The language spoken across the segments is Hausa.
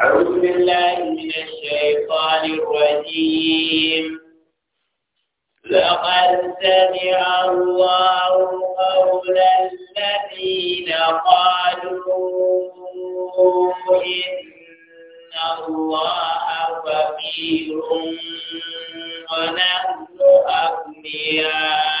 أعوذ بالله من الشيطان الرجيم لقد سمع الله قول الذين قالوا إن الله فقير ونحن أغنياء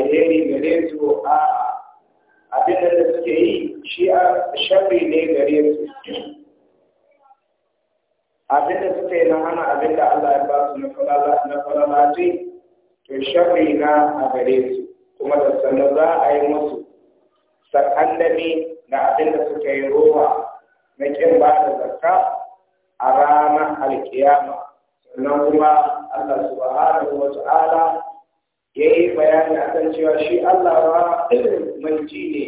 alheri gare su a abin da suke yi shi a shafi ne gare su abin da suke na hana abin da Allah ya ba su na falala ce to shafi na a gare su kuma da sannan za a yi musu sakallami na abin da suke yi roba na kin ba da zakka a ranar alkiyama sannan kuma Allah subhanahu wa ta'ala ya yi bayani a kan cewa shi Allah ba mai ji ne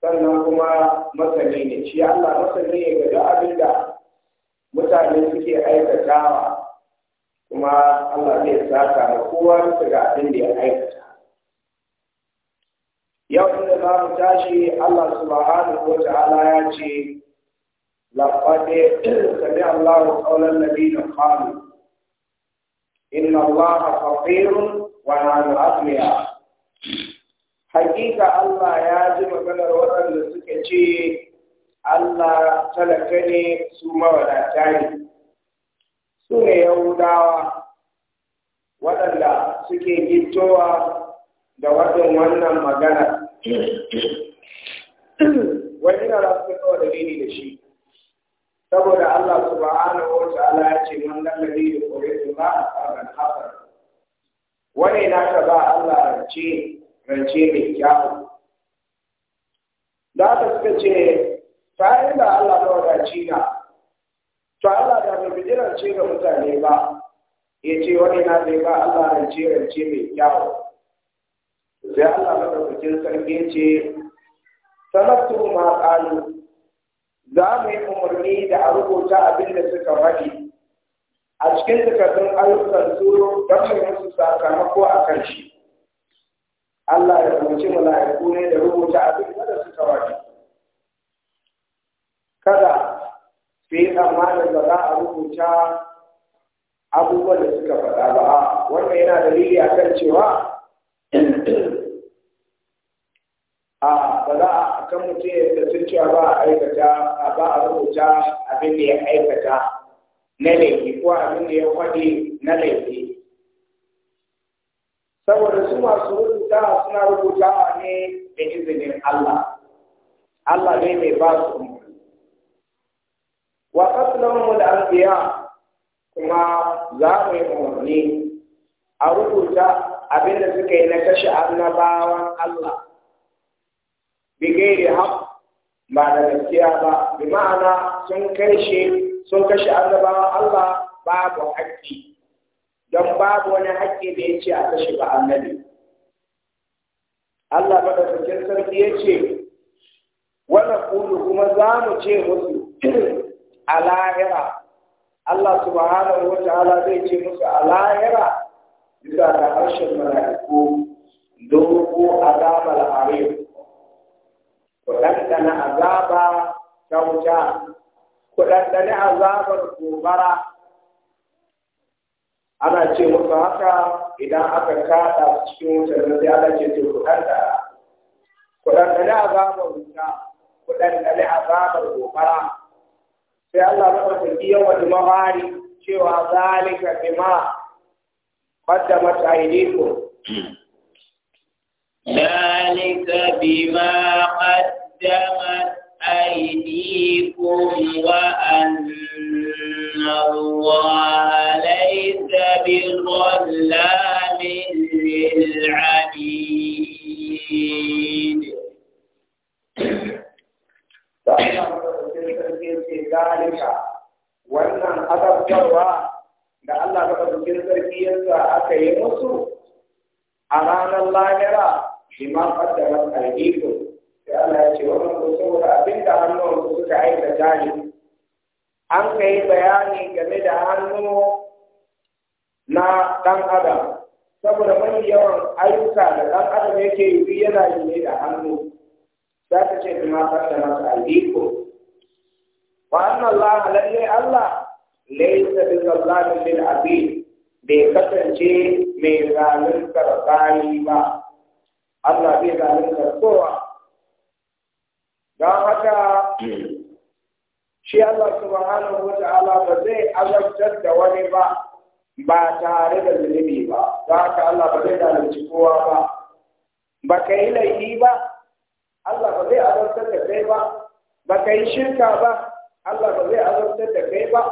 sannan kuma masani ne shi Allah masani ne ga duk abin da mutane suke aikatawa kuma Allah zai saka da kowa bisa ga abin da ya aikata yau da za mu tashi Allah subhanahu wa ta'ala ya ce لقد سمع الله قول الذين قالوا إن الله فقير ونحن أغنياء hakika Allah ya ji maganar waɗanda suke ce Allah talaka ne su mawadata ne su ne yahudawa waɗanda suke gintowa da wajen wannan magana wani na rasu da dalili da shi saboda Allah subhanahu wa ta'ala ya ce man lalari da kore ba a tsarin hafar wani na ka ba Allah rance rance mai kyawu da aka suka ce ta inda Allah na ci na to Allah da bai bi rance ga mutane ba ya ce wani na zai ba Allah rance rance mai kyawu sai Allah na ɗaukakin sarki ce sanattu ma za mu yi umarni da a rubuta abin da suka faɗi a cikin takardun ayyukan su don mai musu sakamako a kan shi Allah ya umarci mala'iku ne da rubuta abin da suka kawai. kada su yi tsammanin da za a rubuta abubuwan da suka faɗa ba wannan yana dalili a kan cewa a ba za a kan mutum ya tafi cewa ba a aikata ba a rubuta abin da ya aikata na laifi ko abin da ya kwade na laifi saboda su masu rubuta suna rubutawa ne da izinin Allah Allah ne mai ba su umarni wa mu da anbiya kuma za mu yi umarni a rubuta abin da suka yi na kashe annabawan Allah bi gairi haq ba da gaskiya ba bi ma'ana sun kai shi sun kashe annabawan Allah babu haƙƙi don babu wani haƙƙi da ya ce a kashe ba annabi Allah sukin sarki ya ce wannan kulu kuma za mu ce musu a lahira Allah subhanahu wa ta'ala zai ce musu a lahira bisa da harshen mala'iku dogo azabar al'arim ku ɗanɗana azaba ta wuta kudaddane azabar gobara ana ce musu haka idan aka kada cikin wutar sai ana ce ce kudaddana kudaddane azabar wuta kudaddane azabar gobara sai Allah ya faɗa biyan wani mawari cewa zalika bima qaddamat aydikum ذلك بما قدمت أيديكم وأن الله ليس بظلام للعبيد wannan azabtarwa da Allah madaukakin sarki yasa aka yi musu a ranar lahira bima qaddamat aydikum sai Allah ya ce wannan ko saboda abin da hannuwansu suka aikata ne an kai bayani game da hannu na ɗan adam saboda mafi yawan ayyuka da ɗan adam yake yi yana yi ne da hannu za ta ce kuma ma fasta aliko wa annallahu Allah lalle Allah laysa bi zallamin lil abid bai kasance mai zaluntar tsari ba Allah bai zalunta kowa don haka shi Allah subhanahu wa ta'ala ba zai azabtar da wani ba ba tare da zunubi ba don haka Allah ba zai zalunci kowa ba ba ka yi laifi ba Allah ba zai azabtar da kai ba ba ka yi shirka ba Allah ba zai azabtar da kai ba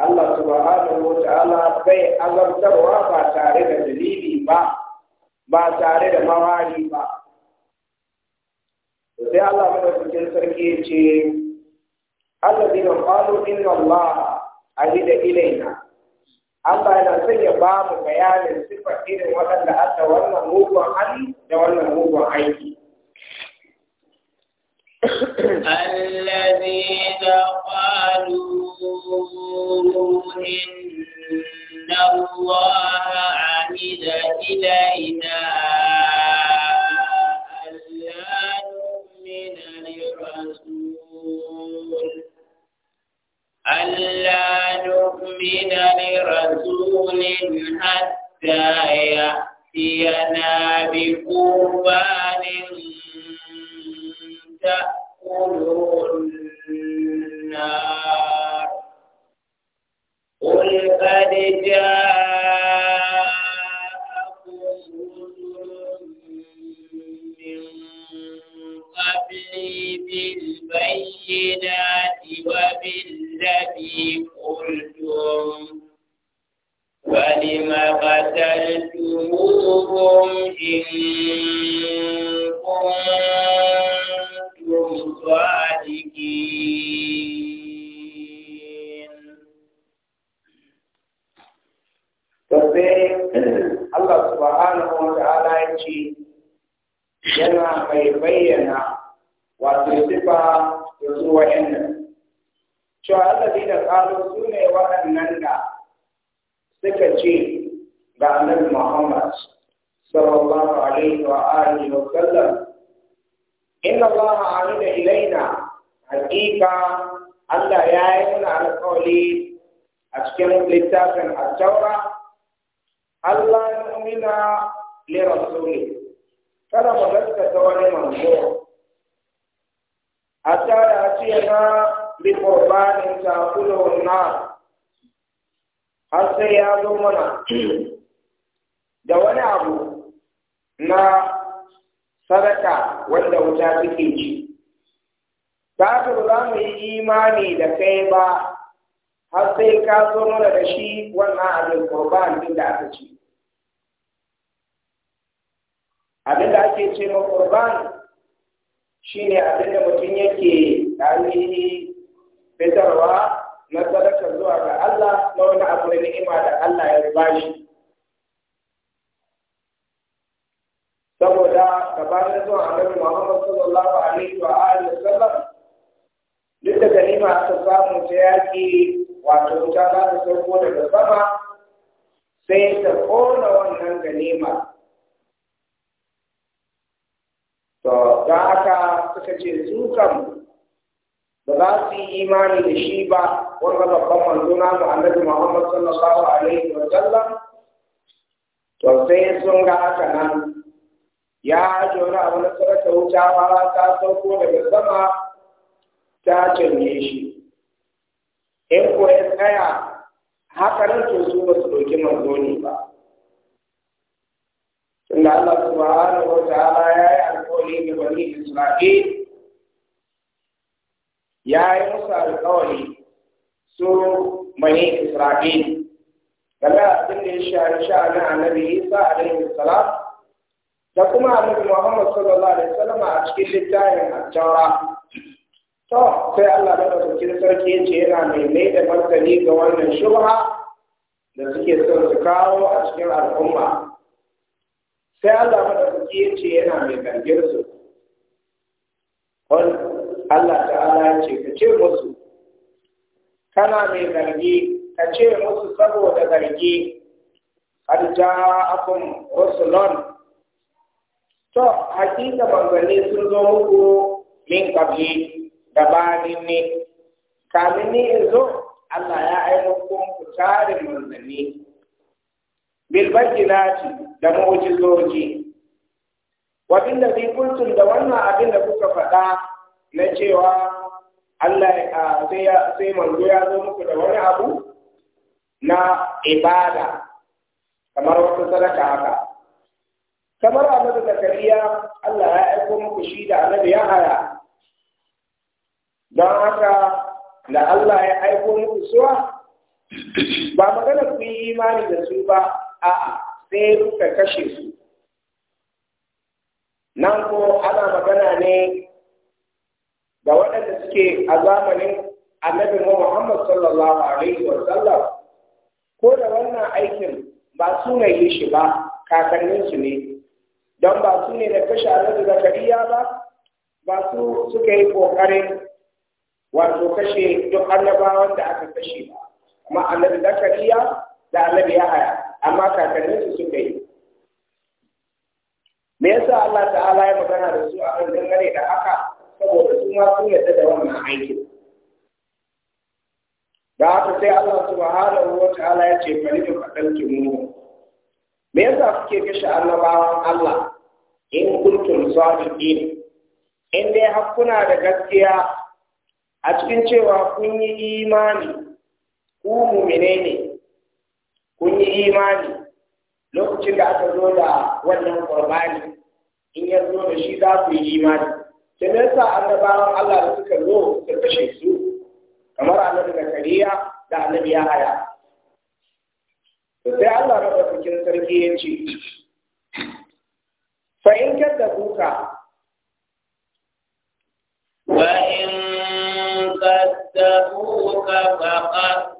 Allah subhanahu wa ta'ala bai azabtarwa ba tare da dalili ba ba tare da mawari ba sai Allah cikin sarki ya ce alladina qalu inna Allah ahida ilaina Allah yana son ya ba mu bayanin sifar irin waɗanda aka wannan mugun hali da wannan mugun aiki الذين قالوا إن الله عمد إلينا ألا نؤمن لرسول حتى يأتينا بقربان تأكله النار قل قد جاء قبلي بالبينات وبالذي قلتم ولم قتلتموهم إن كنتم صادقين الله سبحانه وتعالى يقول yana mai bayyana wato sifa da su wa'annan cewa allazi da tsaro su ne waɗannan da suka ce ga annabi muhammad sallallahu alaihi wa alihi wa sallam inna allaha amina ilaina hakika allah ya yi mana alƙawari a cikin littafin at-taura allah ya mu'mina li rasuli kada mu gaskata wani manzo حتى bi بقربان ta النار har sai ya zo mana da wani abu na sadaka wanda wuta take ci. Ta ba za mu yi imani da kai ba har ka zo mana da shi wannan abin kurban din da aka ci. Abin ake ce ma kurban shine abin da mutum yake ainihi fitarwa na sadaka zuwa ga Allah na wani abu na ni'ima da Allah ya shi saboda gabanin zuwa annabi Muhammad sallallahu alaihi wa alihi wasallam duk da ganima aka samu ta yaki wato wuta za ta sauko daga sama sai ta kona wannan ganima to da haka suka ce su kam ba za su yi imani da shi ba wanda babban manzo na mu annabi Muhammad sallallahu alaihi wa sallam to sai sun ga haka nan ya ji wani abu na sarrafa wuta fara ta sauko daga sama ta canje shi in ko ya tsaya haka nan to su ba su ɗauki manzo ba tunda Allah subhanahu wa ya yi alƙawari da bani Isra'il ya yi musu alƙawari su bani Isra'il game abin da ya shafi sha'anin annabi Isa alaihi da kuma annabi Muhammad sallallahu alaihi wasallam a cikin littafin al-Tawra to sai Allah da sarkin sarki yace yana mai mai da martani ga wannan shubha da suke son su kawo a cikin al'umma sai Allah da ya ce yana mai kargir su Allah ta'ala ce ka ce musu kana mai zargi ka ce musu saboda zargi har ja'akum rusulun to hakika manzanni sun zo muku min da gabanin ne kamin ne in zo Allah ya aiko ku tarin manzanni bil bayyinati da mu'jizoji wadin da bi kultun da wannan abin da kuka faɗa na cewa Allah sai ya sai manzo ya zo muku da wani abu na ibada kamar wata sadaka haka kamar da Kariya Allah ya aiko muku shi da annabi ya haya don haka da Allah ya aiko muku suwa ba magana ku yi imani da su ba a'a sai kuka kashe su nan ko ana magana ne da waɗanda suke a zamanin annabi Muhammad sallallahu alaihi wa sallam ko da wannan aikin ba su ne yi shi ba kakanninsu ne don ba su ne da kashe annabi Zakariya ba ba su suka yi ƙoƙarin wato kashe duk annabawan da aka kashe ba amma annabi zakariya da annabi haya, amma kakanninsu suka yi me yasa Allah ta'ala ya magana da su a kan dangane da haka saboda su ma sun yarda da wannan aikin da haka sai Allah subhanahu wa ta'ala ya ce bari mu kadalci mu me yasa kuke kashe annabawan Allah in kuntum sadiqin in dai hakuna da gaskiya a cikin cewa kun yi imani ku mu'mine ne kun yi imani lokacin da aka zo da wannan ƙurbani in ya zo da shi za su yi imani ta nesa annabawan Allah da suka zo da kashe su kamar annabi kariya da annabi ya haya. sai Allah madaukakin sarki ya ce fa da kuka. wa in ba faqad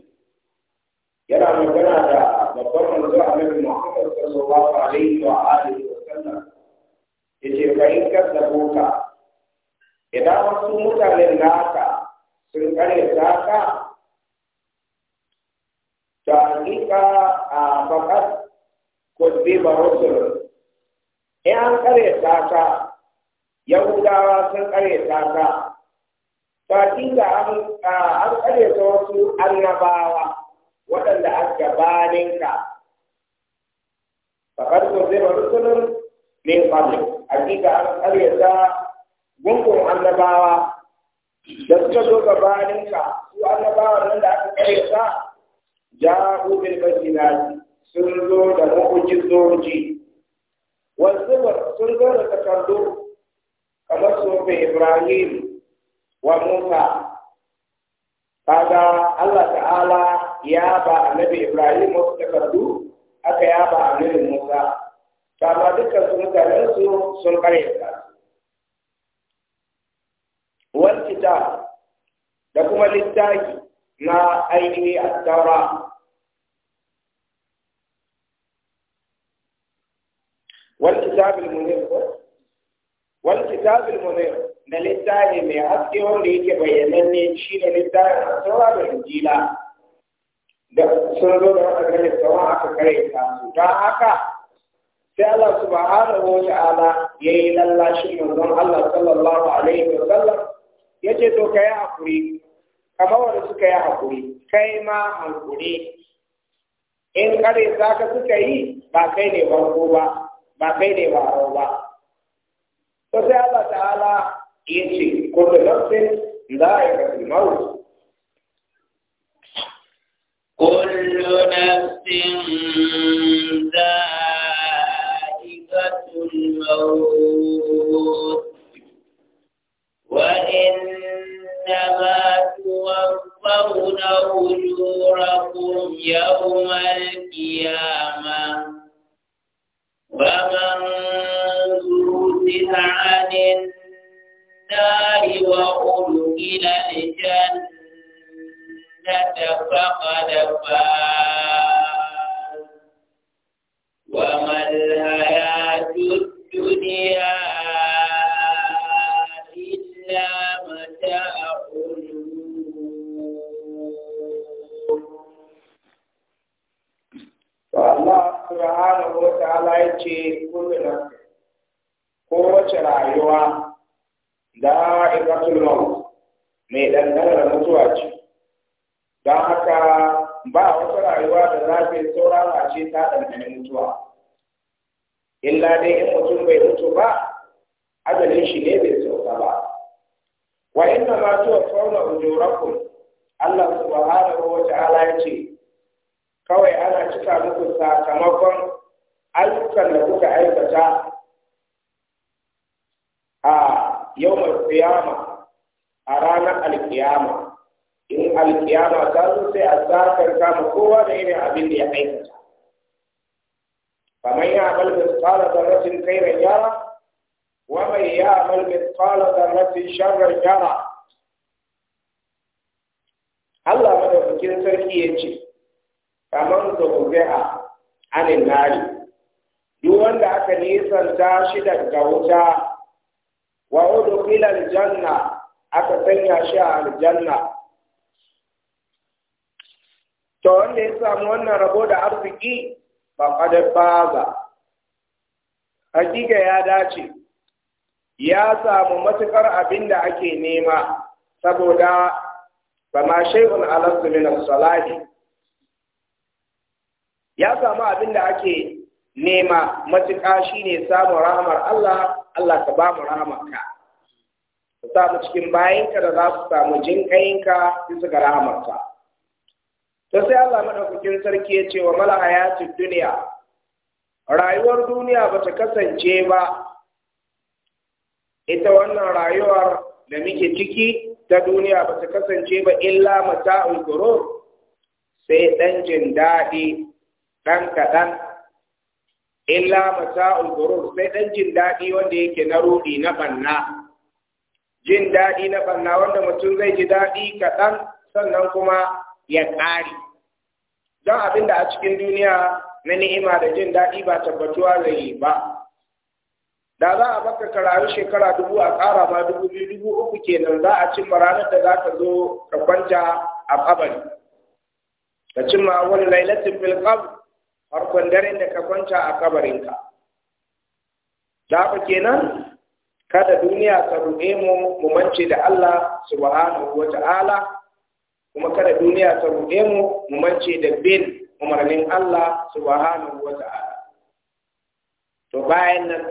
yana magana da babban manzo annabi Muhammad sallallahu alaihi wa alihi wa sallam yace fa in kadzabuka idan wasu mutanen naka sun kare zaka ta hakika a fakat kudziba rusul in an kare zaka yahudawa sun kare zaka ta hakika an kare wasu annabawa waɗanda a gabaninka faƙar ko zai wani sunan ne A jika an karyata gungun annabawa da suka zo gabaninka su annabawa nan da aka ta ja'u bil bayyinati sun zo da sun zo da takardu. Kamar كما Ibrahim wa Musa. هذا Allah ta'ala. ya ba annabi Ibrahim wasu takardu aka ya ba annabi Musa ba ma dukkan su mutanen su sun karyata wal kitab da kuma littafi na ainihi at-taura wal kitab al-munir wal kitab munir da littafi mai haske wanda yake bayyananne shi ne littafin at-taura da injila da sun zo da wata kare tsawon aka kare ta su ta haka sai Allah subhanahu wa ta'ala ya yi lallashin manzon Allah sallallahu alaihi wa sallam ya ce to kai hakuri kamar wanda suka yi hakuri kai ma hakuri in kare za ka suka yi ba kai ne farko ba ba kai ne ko ba to sai Allah ta'ala ya ce a nafsin dha'iqatul maut كل نفس ذائقة الموت وإنما توفون أجوركم يوم القيامة ومن زوزها عن النار وأدخل الجنة فقد فاز tsananin mutuwa illa dai in mutum bai mutu ba ajalin shi ne bai sauka ba wa inna ma tuwaffawna ujurakum Allah subhanahu wa ta'ala ya ce kawai ana cika muku sakamakon ayyukan da kuka aikata a yau qiyama a ranar alkiyama in alkiyama ta zo sai a sakar kama kowa da irin abin da ya aikata مثقال ذرة خيرا يرى ومن يعمل مثقال ذرة شرا يرى Allah madaukakin sarki ya ce, kamar da kubi'a anin nari, duk wanda aka nisanta shi daga wuta, wa hudu filan janna aka sanya shi a aljanna. To wanda ya samu wannan rabo da arziki ba fadar baza, hakika ya dace ya samu matukar abin da ake nema saboda ba ma shay'un alastu min salahi ya samu abin da ake nema matuƙa shine samun rahamar Allah Allah ka ba mu rahamarka ka samu cikin bayanka da za su samu jin kayinka bisa ga rahamarka to sai Allah madaukakin sarki ya ce wa malahayatid duniya rayuwar duniya ba ta kasance ba ita wannan rayuwar da muke ciki ta duniya ba ta kasance ba illa mata gurur sai ɗan jin daɗi ɗan kaɗan illa mata gurur sai ɗan jin daɗi wanda yake na rudi na banna jin daɗi na banna wanda mutum zai ji daɗi kaɗan sannan kuma ya ƙare don abinda a cikin duniya na ni'ima da jin daɗi ba tabbatuwa zai yi ba da za a baka karayu shekara dubu a ƙara ma dubu biyu dubu uku kenan za a cimma ranar da za ka zo ka kwanta a ƙabari. ka cimma wani lailatin fil farkon daren da ka kwanta a kabarinka Za haka kenan kada duniya ta ruɗe mu mu mance da Allah subhanahu wa ta'ala kuma kada duniya ta ruɗe mu mu mance da bin umarnin Allah subhanahu wa ta'ala to bayan nan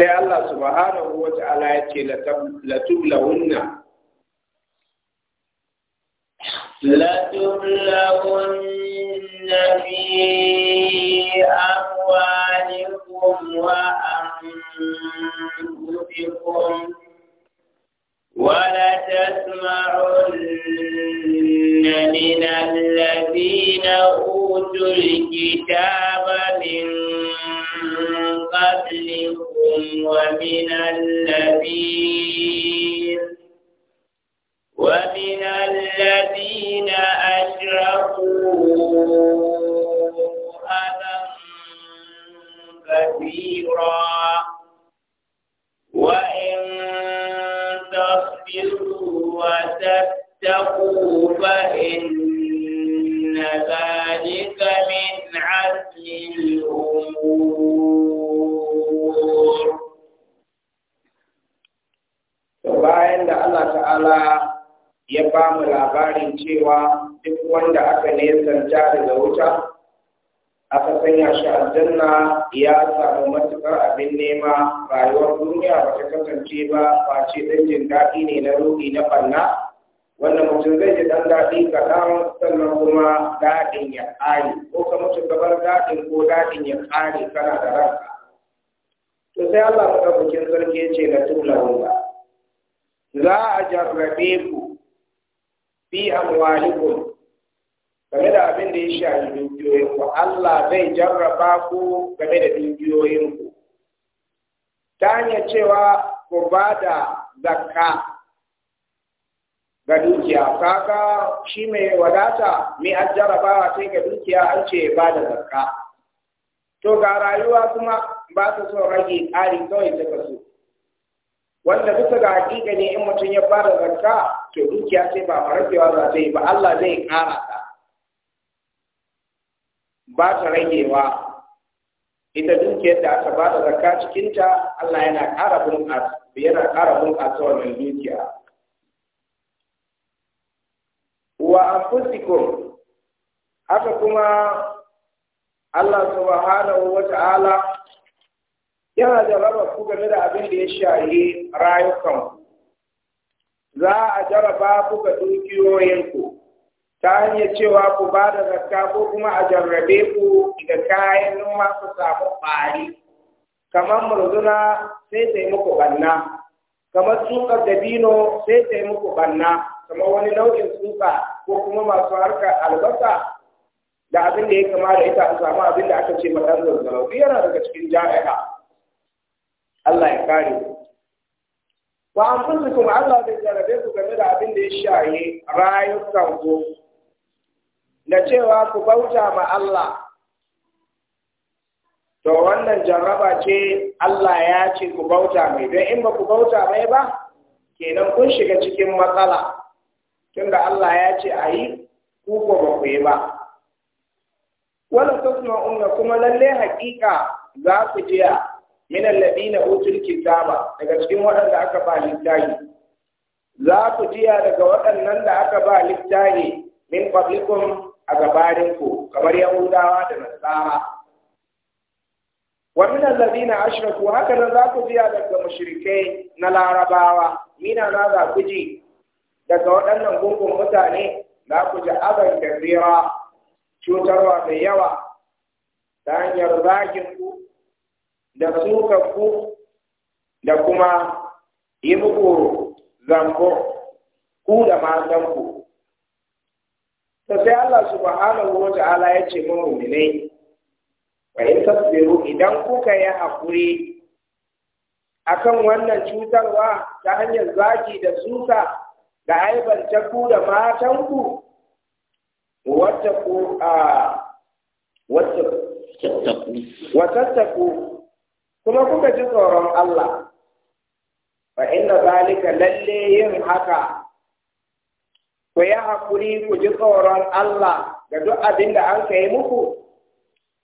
sai Allah subhanahu wa ta'ala ya ce latublawunna لتبلغن في wa وأنفسكم ولتسمعن إن من الذين أوتوا الكتاب من قبلكم ومن الذين ومن الذين أشركوا أذى كثيرا وإن تصبروا وتتقوا واتقوا فإن ذلك من عزم الأمور bayan da Allah ta'ala ya ba mu labarin cewa duk wanda aka nesanta daga wuta aka sanya shi aljanna ya samu matukar abin nema rayuwar duniya ba ta kasance ba face ɗan jin daɗi ne na ruhi na ɓanna wanda mutum zai ji dan daɗi kaɗan sannan kuma daɗin ya ƙare ko ka mutu gabar daɗin ko daɗin ya ƙare kana da ranka to sai Allah bukin sarki ce na tula ruwa za a jarrabe ku fi amwalikum game da abin da ya shafi dukiyoyin ku Allah zai jarraba ku game da dukiyoyin ku ta hanyar cewa ku ba da zakka ga dukiya kaka shi mai wadata mai ajjarabawa sai ga dukiya an ce ba da zakka to ga rayuwa kuma ba ta so rage ƙari kawai ta kasu wanda bisa ga hakika ne in mutum ya ba da zakka to dukiya sai ba a za ta yi ba Allah zai ƙara ta ba ta ragewa ita dukiyar da aka ba da zakka cikinta Allah yana ƙara bunƙasa yana bunƙasa wannan dukiya wa anfusikum haka kuma Allah subhanahu wa ta'ala yana jarraba ku game da abin da ya shahi rayukanku za a jaraba ku ga dukiyoyinku ta hanyar cewa ku ba da zakka ko kuma a jarrabe ku da kayan noma ku samu ɓari kamar murzuna sai ta muku banna kamar tsukar dabino sai ta muku ɓanna kamar wani nau'in tsuka ko kuma masu harkar albasa da abin da ya kama da ita a samu abin da aka ce madan zanzarau biyu yana daga cikin jami'a Allah ya kare Ba an fulsu kuma Allah zai jarabe su game da abin da ya shaye rayukan ku da cewa ku bauta ma Allah to wannan jarraba ce Allah ya ce ku bauta mai don in ba ku bauta mai ba kenan kun shiga cikin matsala tunda Allah ya ce a yi ku ko ba ku yi ba wala unga kuma lalle haƙiƙa za ku jiya na alladina utul kitaba daga cikin waɗanda aka ba littafi za ku jiya daga waɗannan da aka ba littafi min ƙwabikun a gabarin kamar yahudawa da nasara wa min na ashraku haka nan za ku jiya daga mashirikai na larabawa mina na za ku ji daga waɗannan gungun mutane za ku ji da zira cutarwa mai yawa ta hanyar zaginku ku da sukanku ku da kuma yi muku zambo ku da matanku. ta sai Allah subhanahu wa ta'ala ya ce mun mu'minai wa in tasbiru idan kuka yi hakuri akan wannan cutarwa ta hanyar zaki da suka da ta ku da matanku wata ku a wata ku kuma kuka ji tsoron Allah fa inna zalika lalle yin haka ku yi hakuri ku ji tsoron Allah ga duk abin da an kai muku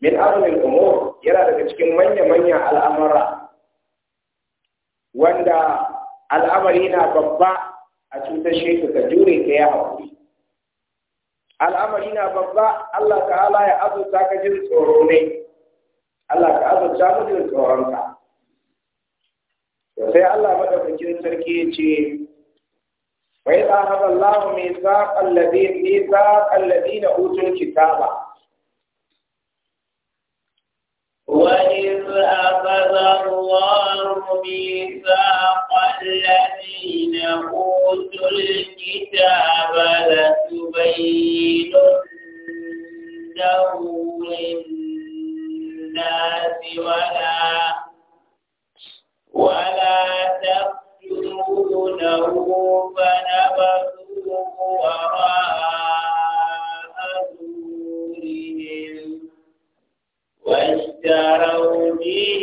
min azumin umur yana daga cikin manya-manyan al'amura wanda al'amari na babba a cutar shi ka jure ka ya haƙuri al'amari na babba Allah ta'ala ya azurta ka jin tsoro ne Allah ka azurta mu jin tsoronka sai Allah madaukakin sarki ya ce وإذ أخذ الله ميثاق الذين ميثاق الذين أوتوا الكتاب وإذ أخذ الله ميثاق الذين أوتوا الكتاب لتبيننه للناس ولا ولا تقتلونه فنبذوه وراء ظهورهم واشتروا به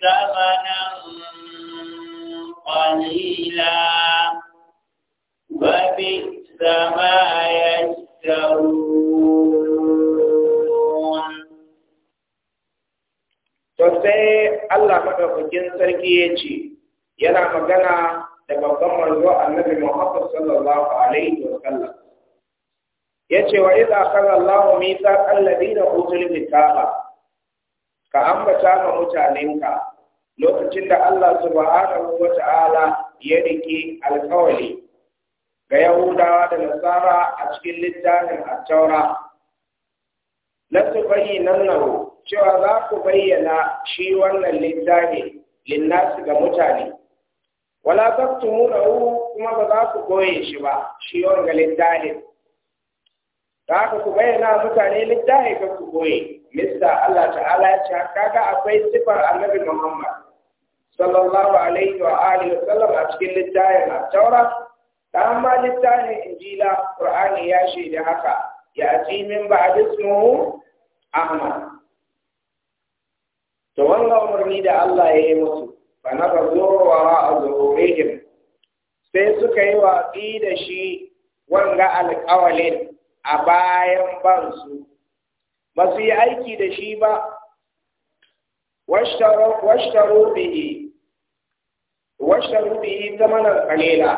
ثمنا قليلا وبئس ما يشترون sosai Allah madaukakin sarki ya ce yana magana da babban manzo annabi Muhammad sallallahu alaihi wa sallam yace wa idza akhadha Allahu mithaqal ladina utul kitaba ka ambata ma mutanenka lokacin da Allah subhanahu wa ta'ala ya rike alkawali ga Yahudawa da Nasara a cikin littafin Attaura. Lasu bayyanan nahu cewa za ku bayyana shi wannan littafi linnasi ga mutane. Wala taktumu nahu kuma ba za ku goye shi ba, shi wanga littafin. Za ku ku bayyana mutane littafi ka ku goye. Mista Allah ta'ala ya ce, kaga akwai sifar annabi Muhammad. sallallahu alaihi wa alihi wa sallam a cikin littafin at-taura da amma littafin injila qur'ani ya shaida haka ya ji min ba'd ismuhu ahmad to wannan umarni da Allah ya yi musu fa nabazu wa azhurihim sai suka yi watsi da shi wanga alƙawalin a bayan bansu ba su yi aiki da shi ba washtaru bihi washaru ta thamanan qalila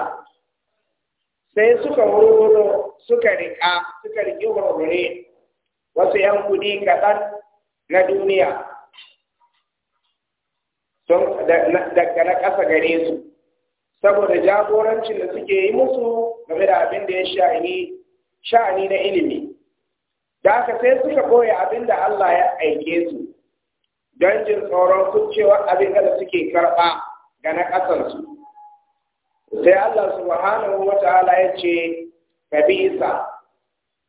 sai suka wuro suka riƙa suka riƙi wurwure wasu ‘yan kudi kaɗan na duniya daga na ƙasa gare su saboda jagorancin da suke yi musu game da abin da ya sha'ani na ilimi da haka sai suka koya abin da Allah ya aike su don jin tsoron sun abin da suke karɓa ga na ƙasarsu sai Allah subhanahu wa ta'ala ya ce kabisa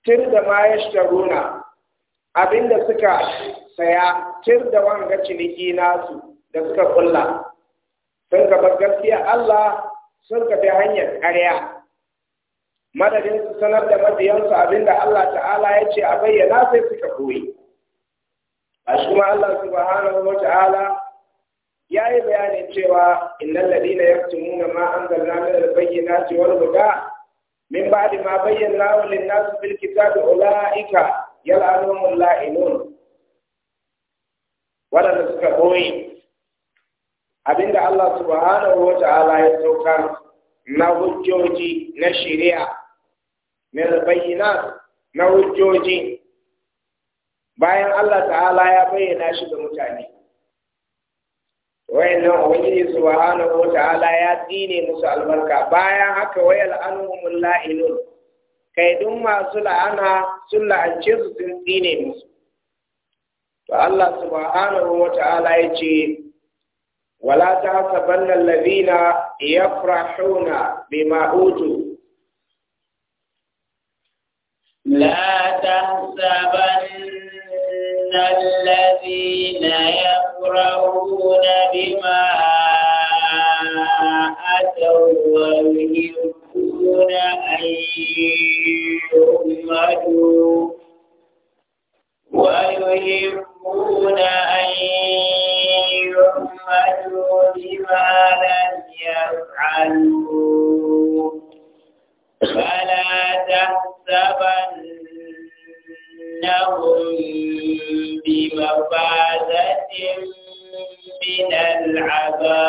tir da ma yashtaruna abinda suka saya tir da wanga ciniki nasu da suka kulla sun ka bar gaskiya Allah sun ka bi hanyar ƙarya madadin su sanar da mabiyansu abinda Allah ta'ala ya ce a bayyana sai suka koyi a shi ma Allah subhanahu wa ta'ala ya yi bayanin cewa innal ladina yaktumuna ma anzalna min al-bayyinati wal huda min ba'di ma bayyana lin-nas bil kitabi ulaika yal'anuhum la'inun wadanda suka boye abinda Allah subhanahu wa ta'ala ya sauka na hujjoji na shari'a min al-bayyinat na hujjoji bayan Allah ta'ala ya bayyana shi ga mutane wayannan ubangiji subhanahu wata'ala ya dine musu albarka bayan haka wayal anhumul la'inun kai duk masu la'ana sun la'ance su sun dine musu to Allah subhanahu wata'ala ya ce wala tahsabanna alladhina yafrahuna bima utu لا تحسبن الذين يفرحون بما أتوا ويحبون أن يؤمدوا ويحبون أن يؤمدوا بما لم يفعلوا فلا تحسبنهم Fimakpa sanin bidan haka,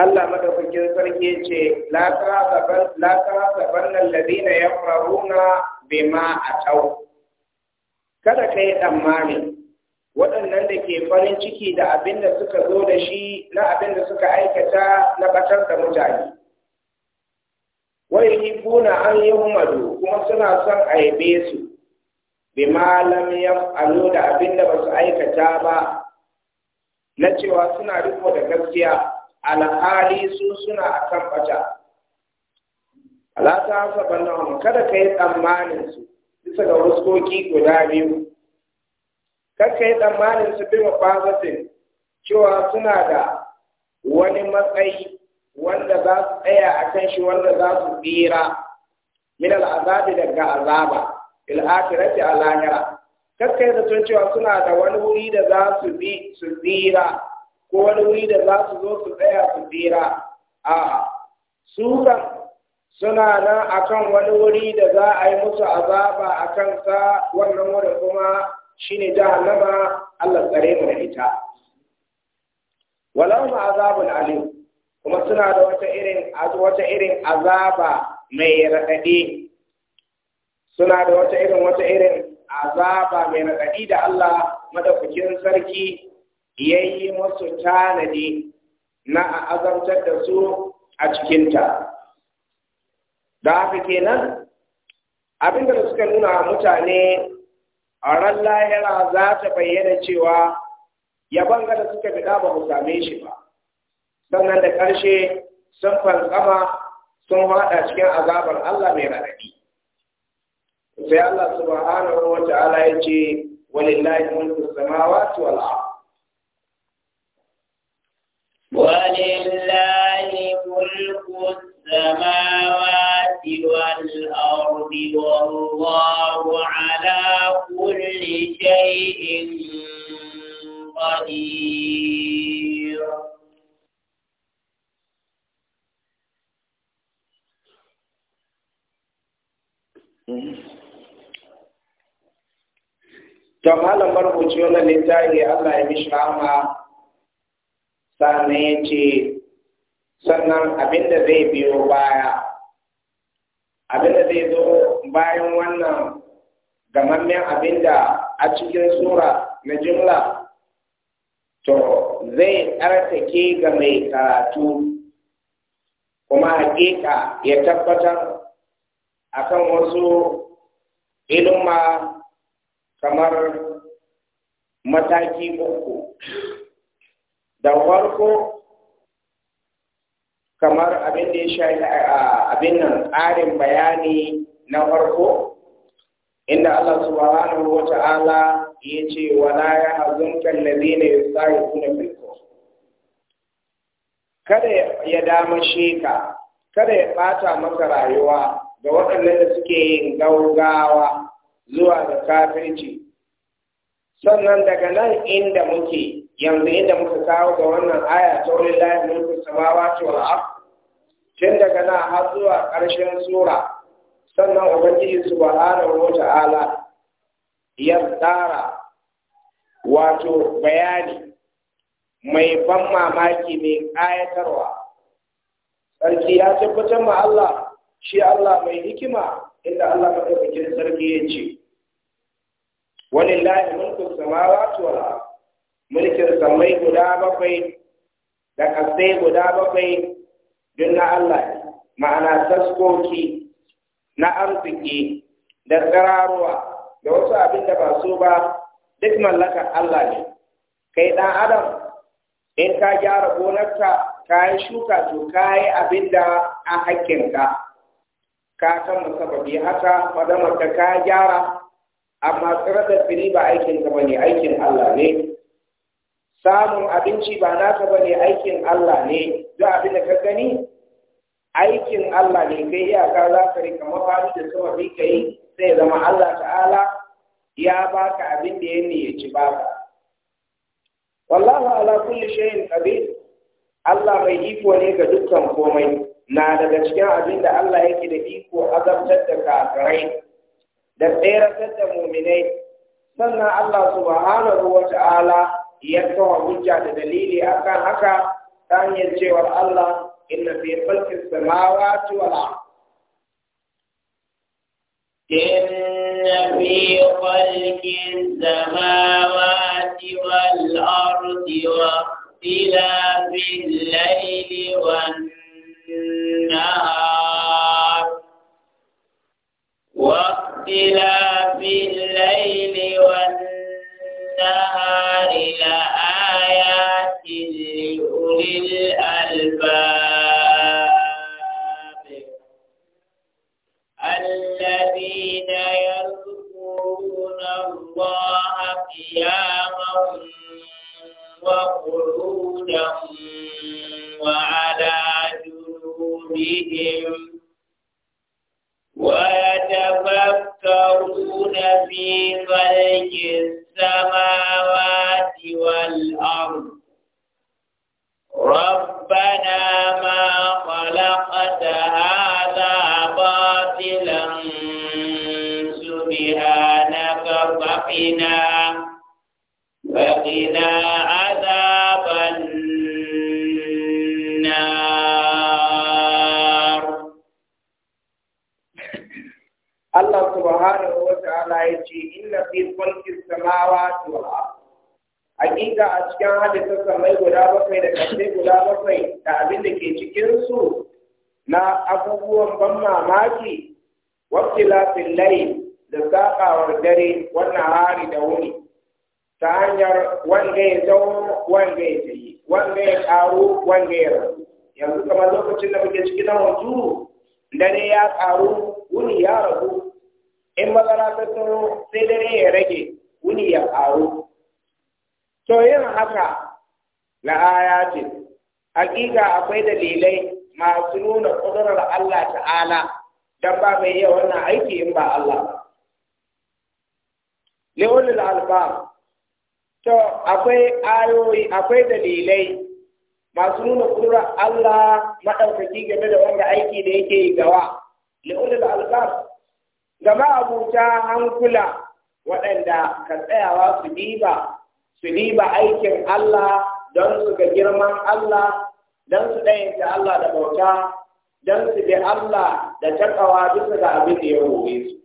Allah maɗa sarki ce "La kaga da wannan da zina yankunan runa bima a tsawo" Kada ka yi ɗan Mami. waɗannan da ke farin ciki da abin da suka zo da shi na abin da suka aikata na ɓatar da mutane wai kuna an yi umaru kuma suna son a yabe su bi malam ya alo da abin da ba su aikata ba na cewa suna riko da gaskiya alhali su suna akan bata ala ta saban kada ka yi tsammaninsu, su bisa ga waskoki guda biyu kakka yi tsammanin su bima fazatin cewa suna da wani matsayi wanda za su tsaya a kan shi wanda za su tsira min al'azabi daga azaba fil akhirati a lahira kakka yi zaton cewa suna da wani wuri da za su bi su tsira ko wani wuri da za su zo su tsaya su tsira a su suna nan akan wani wuri da za a yi musu azaba a sa wannan wurin kuma shine ba, Allah tsare mu da ita walau ma azabun alim kuma suna da wata irin wata irin azaba mai raɗaɗi suna da wata irin wata irin azaba mai raɗaɗi da Allah madafukin sarki ya yi masu tanadi na a azabtar da su a cikinta da haka kenan abinda da suka nuna mutane a lahira za ta bayyana cewa ya banga da suka fi ba mu same shi ba sannan da ƙarshe sun fantsama sun haɗa cikin azabar Allah mai raɗaɗi sai Allah subhanahu wa ta'ala ya ce walillahi mulku samawati wal ard walillahi mulku samawati والأرض والله على كل شيء قدير To malam marubuci wannan littafi Allah ya mishi rahama sannan ya ce sannan abinda zai biyo baya abin da zai zo bayan wannan gamammen abin da a cikin sura na jumla to zai tsarkake ga mai karatu kuma hakika ya tabbatar akan wasu ilma kamar mataki uku da farko kamar abin da ya shafi abin nan tsarin bayani na farko inda Allah subhanahu wa ta'ala ya ce wala ya hazunka alladhina yusayifuna fil kufr kada ya dama sheka kada ya bata maka rayuwa ga waɗannan da suke yin gaugawa zuwa ga kafirci sannan daga nan inda muke yanzu inda muka kawo ga wannan aya ta wani layin mulkin samawa ce wa a tun daga na har zuwa ƙarshen sura sannan ubangiji subhanahu wa ta'ala ya tsara wato bayani mai ban mamaki mai ƙayatarwa sarki ya tabbatar ma Allah shi Allah mai hikima inda Allah madaukakin sarki ya ce layin mulkin samawa wal mulkin sammai guda bakwai da kasai guda bakwai duk na Allah ma'ana taskoki na arziki da tsirarwa da wasu abin da ba su ba duk mallakar Allah ne kai ɗan adam in ka gyara gonarka ka yi shuka to ka yi abin da a hakkinka ka san musababi haka madamarka ka gyara amma tsirar da fili ba aikinka ba ne aikin Allah ne samun abinci ba naka ba ne aikin Allah ne duk abin da ka gani aikin Allah ne kai iyaka za ka rika mafari da sama bi kai sai zama Allah ta'ala ya baka abin da ya ba ba. wallahu ala kulli shay'in abin Allah mai iko ne ga dukkan komai na daga cikin abin da Allah yake da iko azabtar da kafirai da tseratar da muminai sannan Allah subhanahu wa ta'ala يكون وجه دليل أكا أكا تاني الجوى الله إن في خلق السماوات والأرض إن في خلق السماوات والأرض وإلى الليل والنهار واختلاف الليل والنهار والنهار لآيات لأولي الألباب الذين يذكرون الله قياما وقعودا وعلى جنوبهم ويتفكرون في خلق السماوات والأرض ربنا ما خلقت هذا باطلا سبحانك فقنا فقنا عذاب ta'ala ya ce inna fi khalqis hakika a cikin halitta samai guda bakwai da kasai guda bakwai da abin da ke cikin su na abubuwan ban mamaki waqtilafil layl da saƙawar dare wannan hari da wuni ta hanyar wanda ya zau wanda ya tayi wanda ya ƙaru yanzu kamar lokacin da muke cikin hujuru dare ya ƙaru wuni ya rabu in magana ta tsoro sai dare ya rage wuni ya ƙaru to yin haka la ayatin hakika akwai dalilai masu nuna ƙudurar Allah ta'ala don ba mai yi wannan aiki in ba Allah ba. Leonil Albam, to akwai ayoyi, akwai dalilai masu nuna ƙudurar Allah maɗaukaki game da wanda aiki da yake yi gawa. Leonel Albam, gaba abuta hankula waɗanda ka tsayawa su diba su diba aikin Allah don su ga girman Allah don su ɗayanta Allah da bauta don su bi Allah da takawa bisa ga abin da ya roƙe su.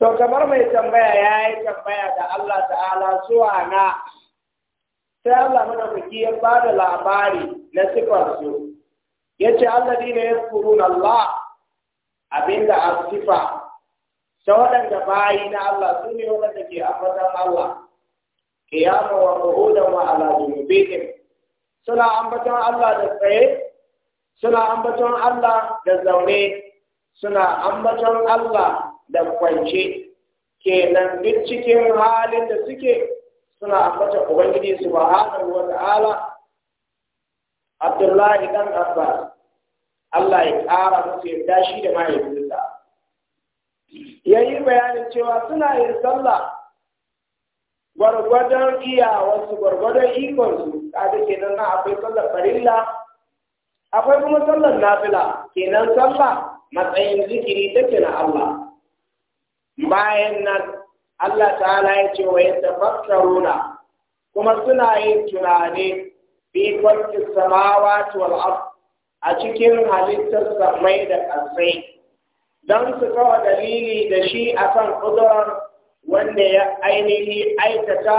To kamar mai tambaya ya yi tambaya da Allah ta'ala suwa na sai Allah madaukaki ya ba da labari na sifarsu ya ce Allah ne ya furun Allah abinda a sifa ta waɗanda bayi na Allah su ne waɗanda ke ambatan Allah qiyama wa qu'udan wa ala junubihim suna ambaton Allah da tsaye suna ambaton Allah da zaune suna ambaton Allah da kwance kenan duk cikin halin da suke suna ambata Ubangiji subhanahu wa ta'ala Abdullahi dan Abbas Allah ya ƙara musu yadda shi da mahaifinsa ya yi bayanin cewa suna yin sallah gwargwadon wasu gwargwadon ikonsu kaga kenan na akwai sallar farilla akwai kuma sallar nafila kenan sallah matsayin zikiri take na Allah bayan nan Allah ta'ala ya ce wa yatafakkaruna kuma suna yin tunani fi khalqis samawati wal ard a cikin halittar samai da ƙasai don su kawo dalili da shi akan kudurar wanda ya ainihi aikata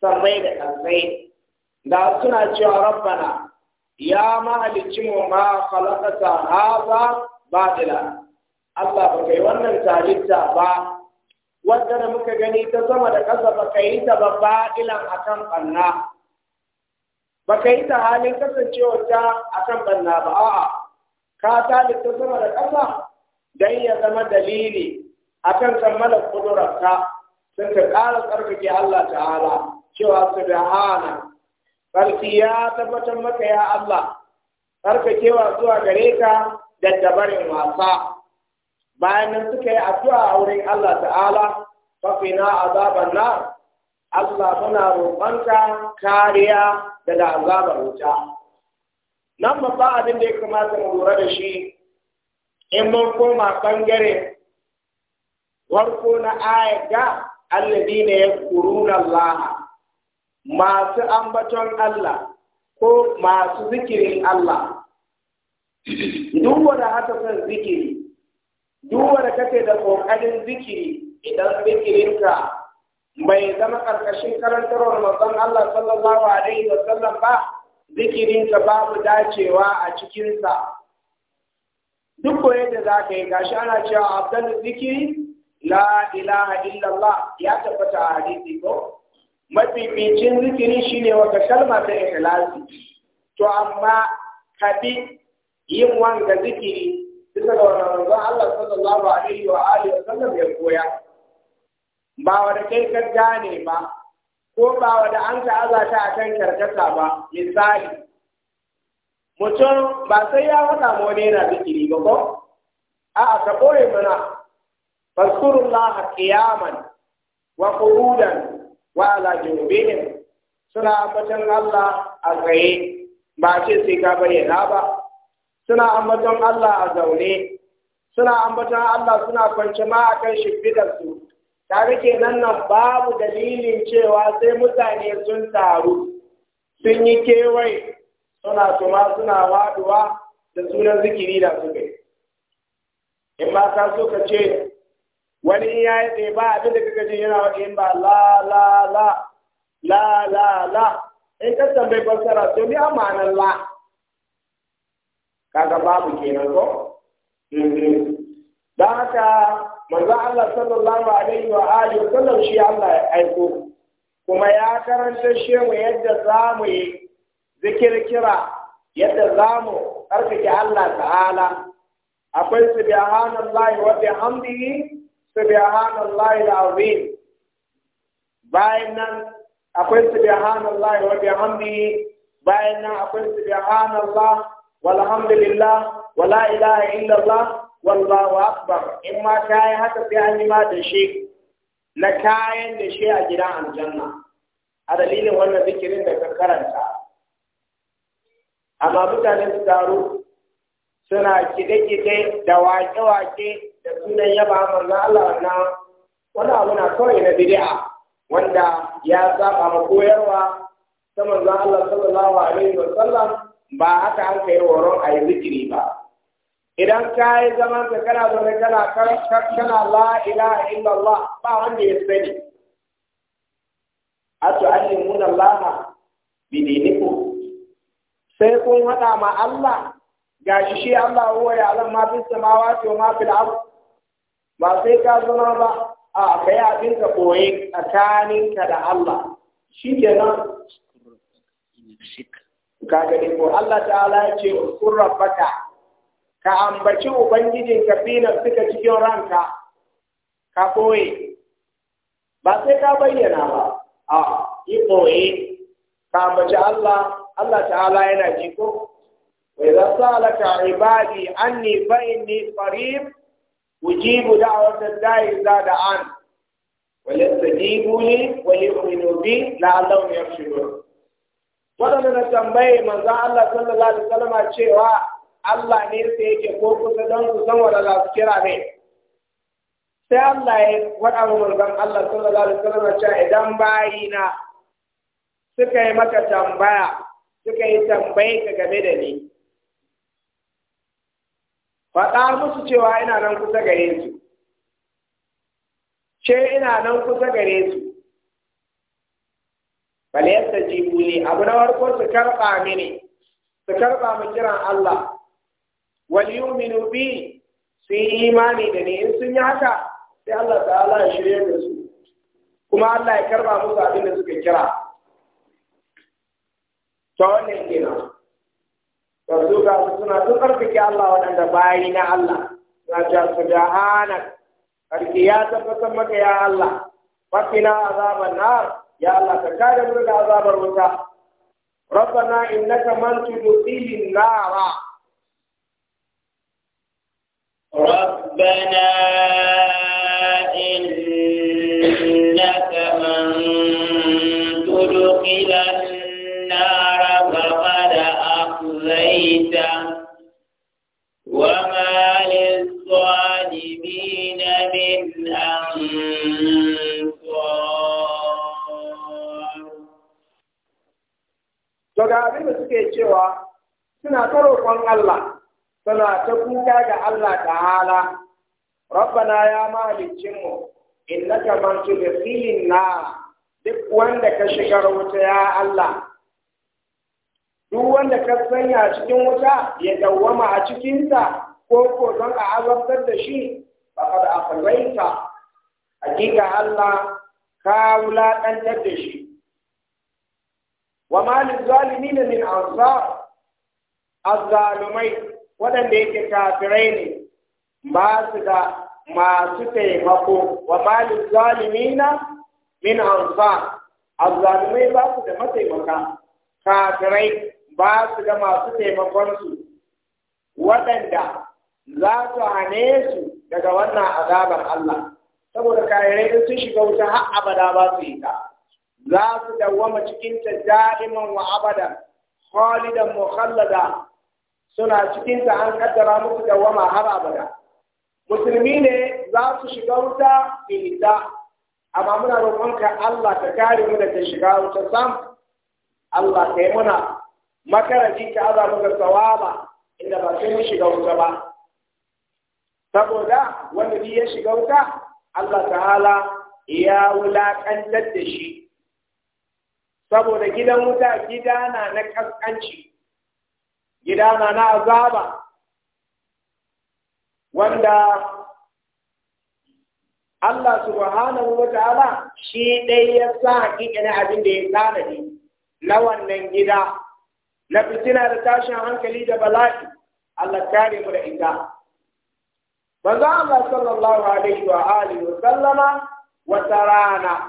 sarrai da kansai da suna cewa rabbana ya mahalicci mu ma ha ba batila Allah ba kai wannan talitta ba wadda da muka gani ta sama da ƙasa ba ka yi ta ba a akan banna ba ka yi ta halin kasancewa ta akan banna ba a'a ka talitta sama da ƙasa dan ya zama dalili akan kammala kudurarka sun ka ƙara tsarkake Allah ta'ala cewa su da hana sarki ya tabbatar maka ya Allah tsarkakewa zuwa gare ka da dabarin wasa bayan nan suka yi addu'a a wurin Allah ta'ala fafina azaban na Allah muna roƙonka kariya daga azabar wuta nan babba abin da ya kamata mu lura da shi in mun koma ɓangare warko na ayat ga allazi ne ya kuruna Allah masu ambaton Allah ko masu zikirin Allah duk wanda haka son zikiri duk wanda kake da kokarin zikiri idan zikirinka bai zama karkashin karantarwar manzon Allah sallallahu alaihi wa sallam ba zikirinka babu dacewa a cikinsa duk ko da za ka yi gashi ana cewa abdul zikiri la ilaha illallah ya tabbata a hadisi ko mafificin zikiri shine wata kalma ta ikhlasi to amma kabi yin wanga zikiri bisa ga wannan manzon Allah sallallahu alaihi wa alihi wa sallam ya koya ba wanda kai ka gane ba ko ba wanda an ta azata kan karkata ba misali mutum ba sai ya faɗa ma wani yana zikiri ba ko a'a ka ɓoye mana fazkurullah qiyaman wa qu'udan wa ala junubihim suna ambaton Allah a tsaye ba ce sai ka bayyana ba suna ambaton Allah a zaune suna ambaton Allah suna kwance ma akan shimfidar su kaga kenan nan babu dalilin cewa sai mutane sun taru sun yi kewaye suna suma suna waduwa da sunan zikiri da su kai in ba ka so ka ce wani in ya yi ba abin da gaji ce yana wani in ba la la la la la la in ka tambayi fassara to ni amanan la kaga babu kenan ko mm-hmm. da haka manzo Allah sallallahu alaihi wa alihi wa shi Allah ya aiko kuma ya karanta shi mu yadda za mu yi zikirkira yadda za mu tsarkake Allah ta'ala akwai su bi ahanan layi subhanallahi wa bihamdihi subhanallahi alazim bayan nan akwai su bi subhanallahi wa bihamdihi bayan nan akwai su bi ahanan subhanallah walhamdulillah wala ilaha illallah wallahu akbar in ma ta yi haka sai an yi ma da shi na kayan da shi a gidan aljanna a dalilin wannan zikirin da ka karanta amma mutane su taru suna kide-kide da wake-wake da sunan yaba manzo Allah wannan wani abu na kawai na bid'a wanda ya saba ma koyarwa ta manzo Allah sallallahu alaihi wa sallam ba haka an kai horon ayi zikiri ba idan ka yi zaman ka kana zaune kana kana la ilaha illallah ba wanda ya sani atu allimuna Allah bi dinikum sai kun haɗa ma Allah gashi shi Allah huwa ya alam ma fi samawati wa ma fi da ard ba sai ka zama ba a kai abin ka koyi tsakanin ka da Allah nan ka gani ko Allah ta'ala ya ce kun rabbaka ka ambaci ubangijin ka fi suka cikin ranka ka koyi ba sai ka bayyana ba a yi koyi ka ambaci Allah Allah ta'ala yana ji ko wa idza salaka ibadi anni fa inni qarib ujibu da'wata da'i idza da'an wa yastajibu li wa yu'minu bi la'allahum yarshudun wadanda na tambaye manzo Allah sallallahu alaihi wasallam cewa Allah ne sai yake ko kusa don su san wanda za su kira ne sai Allah ya faɗa mu manzon Allah sallallahu alaihi wasallam cewa idan bayina suka yi maka tambaya suka yi tambayi ka game da ni faɗa musu cewa ina nan kusa gare su ce ina nan kusa gare su baliyarsa jibuli abu na warko su karɓa mini su karɓa mu kiran Allah Wani yi yu'minu bi su yi imani da ni in sun yi haka sai Allah ta'ala ya shirye da su kuma Allah ya karɓa musu abin da suka kira ta wannan kenan ta su ga su suna su Allah waɗanda bayi na Allah na ja su da hana karki ya tabbatar maka ya Allah fakina azaban na ya Allah ka kare mu daga azabar wuta ربنا إنك من تدخل النار ربنا إنك من تدخل النار to ga abin da suke cewa suna ta roƙon Allah suna ta kuka ga Allah hala rabbana ya mahalicin mu innaka man tudkhilin na duk wanda ka shigar wuta ya Allah duk wanda ka sanya cikin wuta ya dawwama a cikinta ko ko don a azabtar da shi ba da a hakika Allah ka wulaƙantar da shi wa malin zalimi na min ansa azzalumai waɗanda yake kafirai ne ba su da masu taimako wa malin zalimi na min ansa azzalumai ba su da mataimaka kafirai ba su da masu taimakonsu waɗanda za su hane su daga wannan azabar Allah saboda kayarai sun shiga wuta har abada ba su yi ta za su dawwama cikinta da'iman wa abada khalidan mukhallada suna cikinta an kaddara musu dawwama har abada musulmi ne za su shiga wuta filita amma muna roƙonka Allah ka kare mu daga shiga wuta sam Allah ka yi muna makaraji ka aza mu ga sawaba inda ba sai mu shiga wuta ba saboda wanda ya shiga wuta Allah ta'ala ya wulaƙantar da shi saboda gidan wuta gida na na kaskanci gida na na azaba wanda Allah subhanahu wa ta'ala shi ɗaya ya sa ƙiƙe na abin da ya tsanani na wannan gida na fitina da tashin hankali da bala'i Allah kare mu da ita Banza Allah sallallahu alaihi wa alihi wa sallama wata rana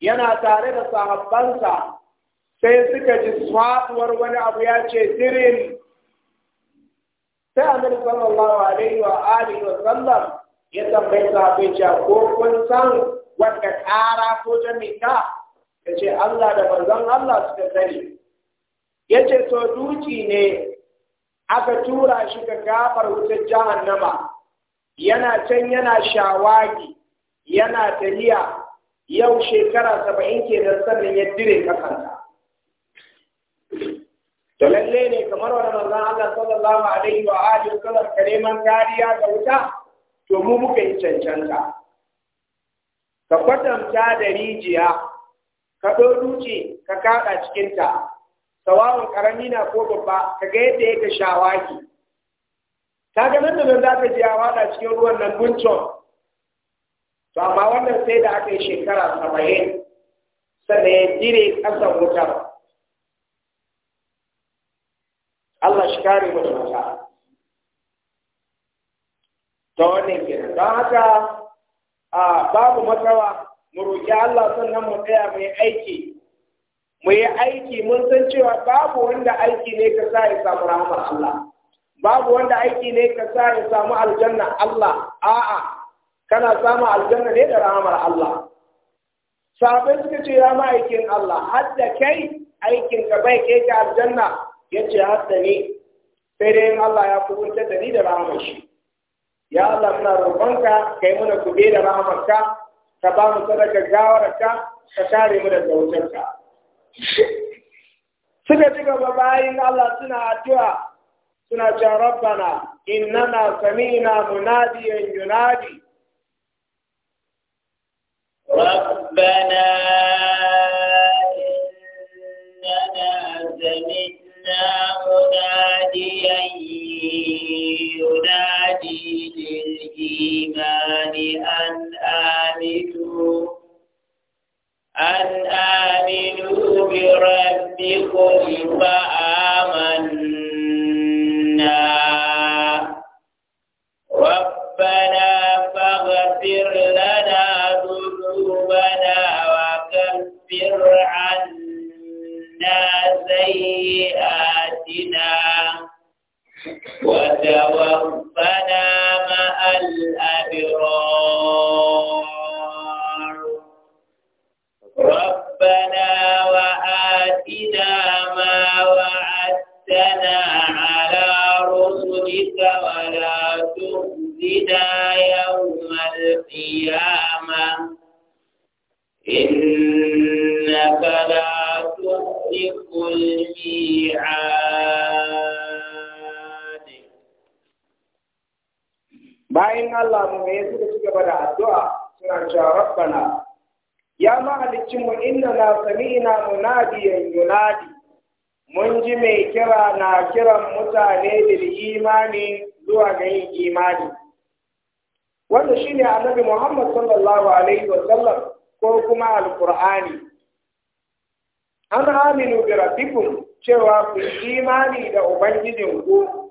yana tare da sahabbansa sai suka ji swatuwar wani abu ya ce sirin sai amir sallallahu alaihi wa alihi wa sallam ya tambayi sahabbai cewa ko kun san wanda ƙara ko jami'a ya ce Allah da manzon Allah suka sani ya ce to duki ne aka tura shi ga gabar wutar jahannama yana can yana shawagi yana taliya yau shekara saba'in ke da sannan ya dire kasanta to lalle ne kamar wani manzon Allah sallallahu alaihi wa alihi wasallam ka kariya da wuta to mu muka yi cancanta ka kwatanta da rijiya ka ɗo duce, ka kaɗa cikinta sawawun karami na ko babba ka ga yadda yake shawaki ka ga nan da nan za ka je a waɗa cikin ruwan nan guncon ba ma wannan sai da aka yi shekara saba'in sannan ya jire ƙasar wutar Allah shi kare mu da ta wani gina don haka a babu matsawa mu roƙi Allah sannan mu tsaya mu yi aiki mu yi aiki mun san cewa babu wanda aiki ne ka sa ya samu rahama Allah babu wanda aiki ne ka sa ya samu aljanna Allah a'a kana samu aljanna ne da rahamar Allah Sabon suka ce ya ma'aikin Allah da kai aikin ka bai kai ka aljanna yace hadda ni sai dai Allah ya kubuta da ni da rahamar shi ya Allah muna roƙonka kai muna kube da rahamarka ka ba mu sadaka gawarka ka kare mu da zautarka suka ci gaba bayan Allah suna addu'a suna cewa rabbana innana sami'na munadiyan yunadi ربنا إننا سمعنا مناديا ينادي للإيمان أن آمنوا أن آمنوا بربكم فآمنا سيئاتنا وتوفنا مع الأبرار ربنا وآتنا ما وعدتنا على رسلك ولا تخزنا يوم القيامة الميعاد bayan Allah mu ne suka ci gaba da addu'a suna cewa rabbana ya mahalicci mu inna na sami'na munadiyan yunadi mun ji mai kira na kiran mutane bil imani zuwa ga yin imani wanda shine annabi Muhammad sallallahu alaihi wa ko kuma Al-Qur'ani. an aminu bi rabbikum cewa ku imani da ubangijin ku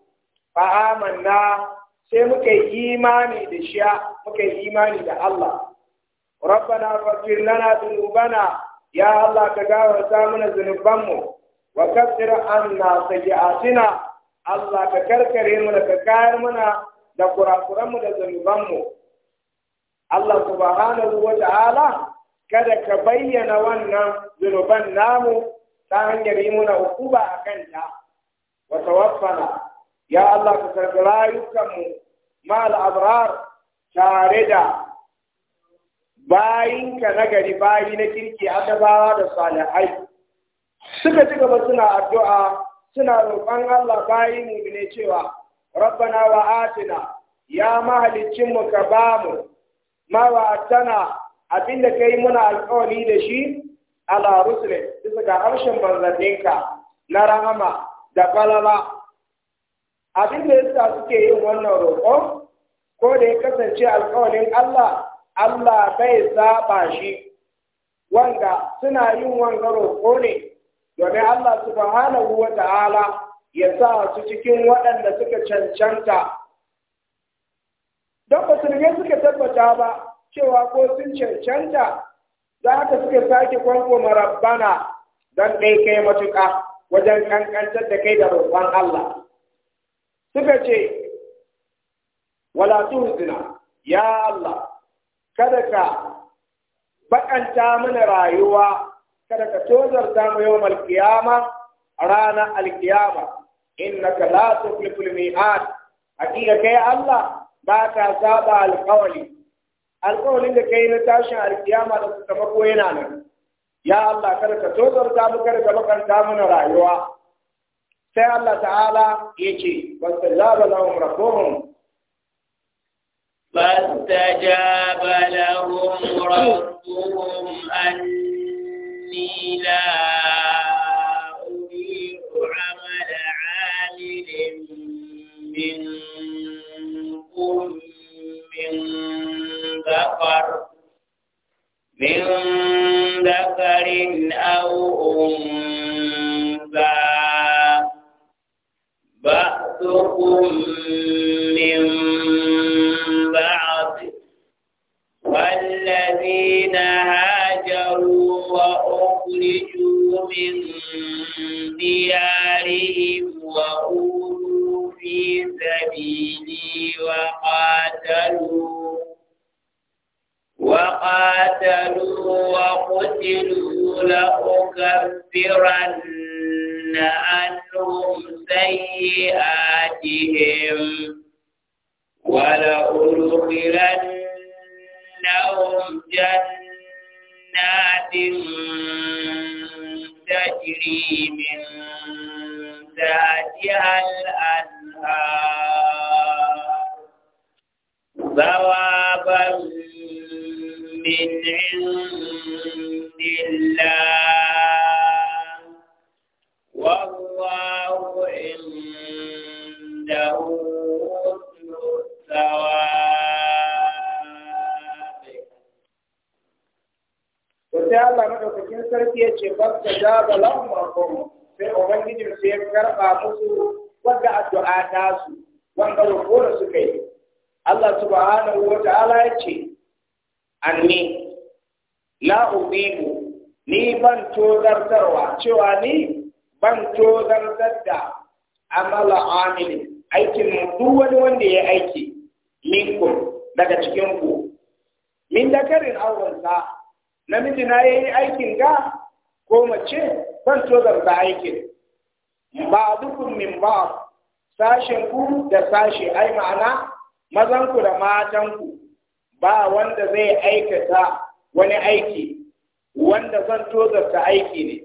fa amanna sai muka imani da shi muka imani da Allah rabbana faghfir lana dhunubana ya Allah ka gafarta mana mu. wa kaffir anna sayi'atina Allah ka karkare mu ka kayar mana da kurakuranmu da mu. Allah subhanahu wa ta'ala kada ka bayyana wannan zunuban namu ta hanyar yi muna ba a kanta wa tawaffana ya Allah ka karɓi rayukanmu ma abrar tare da bayinka na gari bayi na kirki annabawa da salihai suka ci gaba suna addu'a suna roƙon Allah bayi mu ne cewa rabbana wa atina ya mahalicin mu ka bamu ma wa tana abin da kai muna alƙawari da shi a larusle bisa ga harshen banzaninka na rahama da falala abin da yasa suke yin wannan roƙo ko da ya kasance alƙawarin Allah Allah bai saba shi wanda suna yin wanga roƙo ne domin Allah subhanahu wa ta'ala ya sa su cikin waɗanda suka cancanta don musulmi suka tabbata ba cewa ko sun cancanta za ka suka sake kwanko marabbana don ɗai kai matuƙa wajen kankantar da kai da roƙon Allah. Suka ce, wala tuhzina ya Allah, kada ka baƙanta mana rayuwa, kada ka tozarta mu yau malkiyama ranar alkiyama, inna la tuflifil mi'ad, hakika kai Allah ba ka saba alƙawali. alƙawarin da kai na tashin alƙiyama da suka mako yana nan ya Allah kada ka tozarta mu kada ka bakanta mana rayuwa sai Allah ta'ala yace wasallaba lahum rabbuhum فاستجاب لهم ربهم أني لا ذكر من ذكر أو أنثى بعثكم من بعض والذين هاجروا وأخرجوا من ديارهم وأولوا في سبيلي وقاتلوا Fasalowa mu cikin lafugan biran na annum sai na kula biran na wuyan natin ta ɗirimin da ajiyan aza. من عند الله والله عنده حسن الثواب وتعالى مدوكين سركي يجي فاستجاب لهم ربهم sai ubangijin sai ya karɓa musu wadda addu'a ta su wanda rukuna suka yi Allah subhanahu wa ta'ala ce anni la ubibu ni ban tozartarwa cewa ni ban tozartar da amala amili aikin duk wani wanda ya aiki minkum daga cikin ku min dakarin aurensa namiji na yi aikin ga ko mace ban tozarta aikin ba dukun min ba sashen ku da sashe ai ma'ana mazan ku da matan ku ba wanda zai aikata wani aiki wanda zan tozarta aiki ne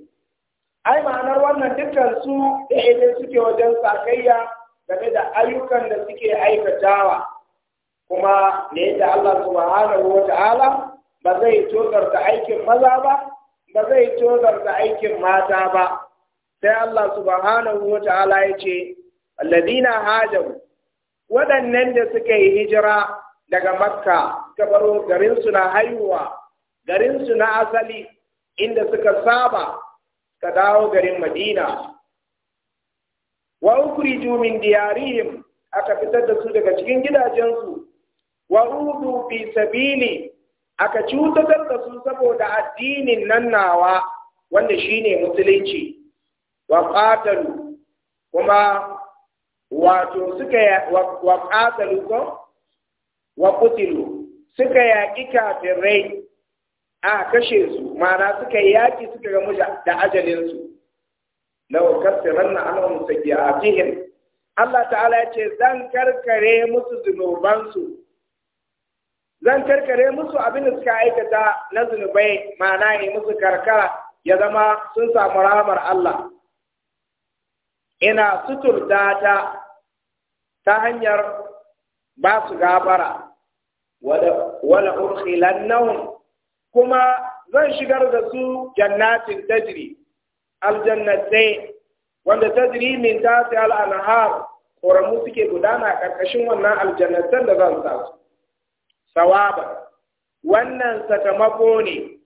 ai ma'anar wannan dukkan su da idan suke wajen sakayya game da ayyukan da suke aikatawa kuma da yadda Allah subhanahu wa ta'ala ba zai tozarta aikin maza ba ba zai tozarta aikin mata ba sai Allah subhanahu wa ta'ala ya ce alladina hajaru waɗannan da suka yi hijira daga makka ta baro garinsu na haihuwa garinsu na asali inda suka saba ka dawo garin madina wa ukhriju min diyarihim aka fitar da su daga cikin gidajensu wa udu fi sabili aka cutar da su saboda addinin nan nawa wanda shine musulunci wa qatalu kuma wato suka wa qatalu ko wa qutilu suka yaƙi kafirai a kashe su mana suka yaƙi suka ga muja da ajalinsu law ke a sayyi'atihim Allah ta'ala ya ce zan karkare musu zunubansu zan karkare musu abin da suka aikata na zunubai mana ne musu karkara ya zama sun samu ramar Allah ina suturta ta ta hanyar ba su gafara wala urkhilannahum kuma zan shigar da su jannatin tajri aljannatai wanda tajri min tasi al-anhar koramu suke gudana karkashin wannan aljannatan da zan sa su sawaba wannan sakamako ne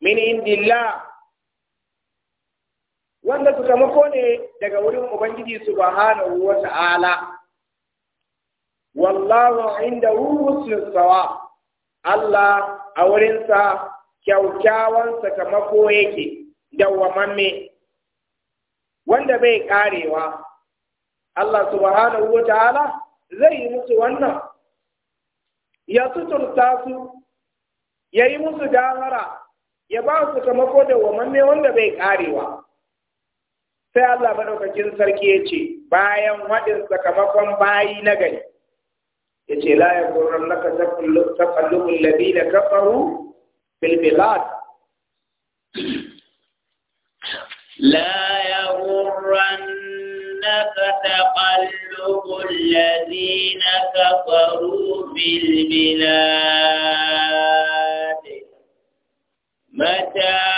min indillah wanda sakamako ne daga wurin ubangiji subhanahu wa ta'ala wallahu indahu husnul sawa Allah a wurinsa kyaukyawan sakamako yake da dawwamamme wanda bai karewa Allah subhanahu wa ta'ala zai yi musu wannan ya suturta su ya yi musu gafara ya ba su kamako da wamanne wanda bai karewa sai Allah madaukakin sarki ya ce bayan waɗin sakamakon bayi na gari چې لا يقر لك تقلب الذين كفروا في البلاد لا يغرنك تقلب الذين كفروا في البلاد متى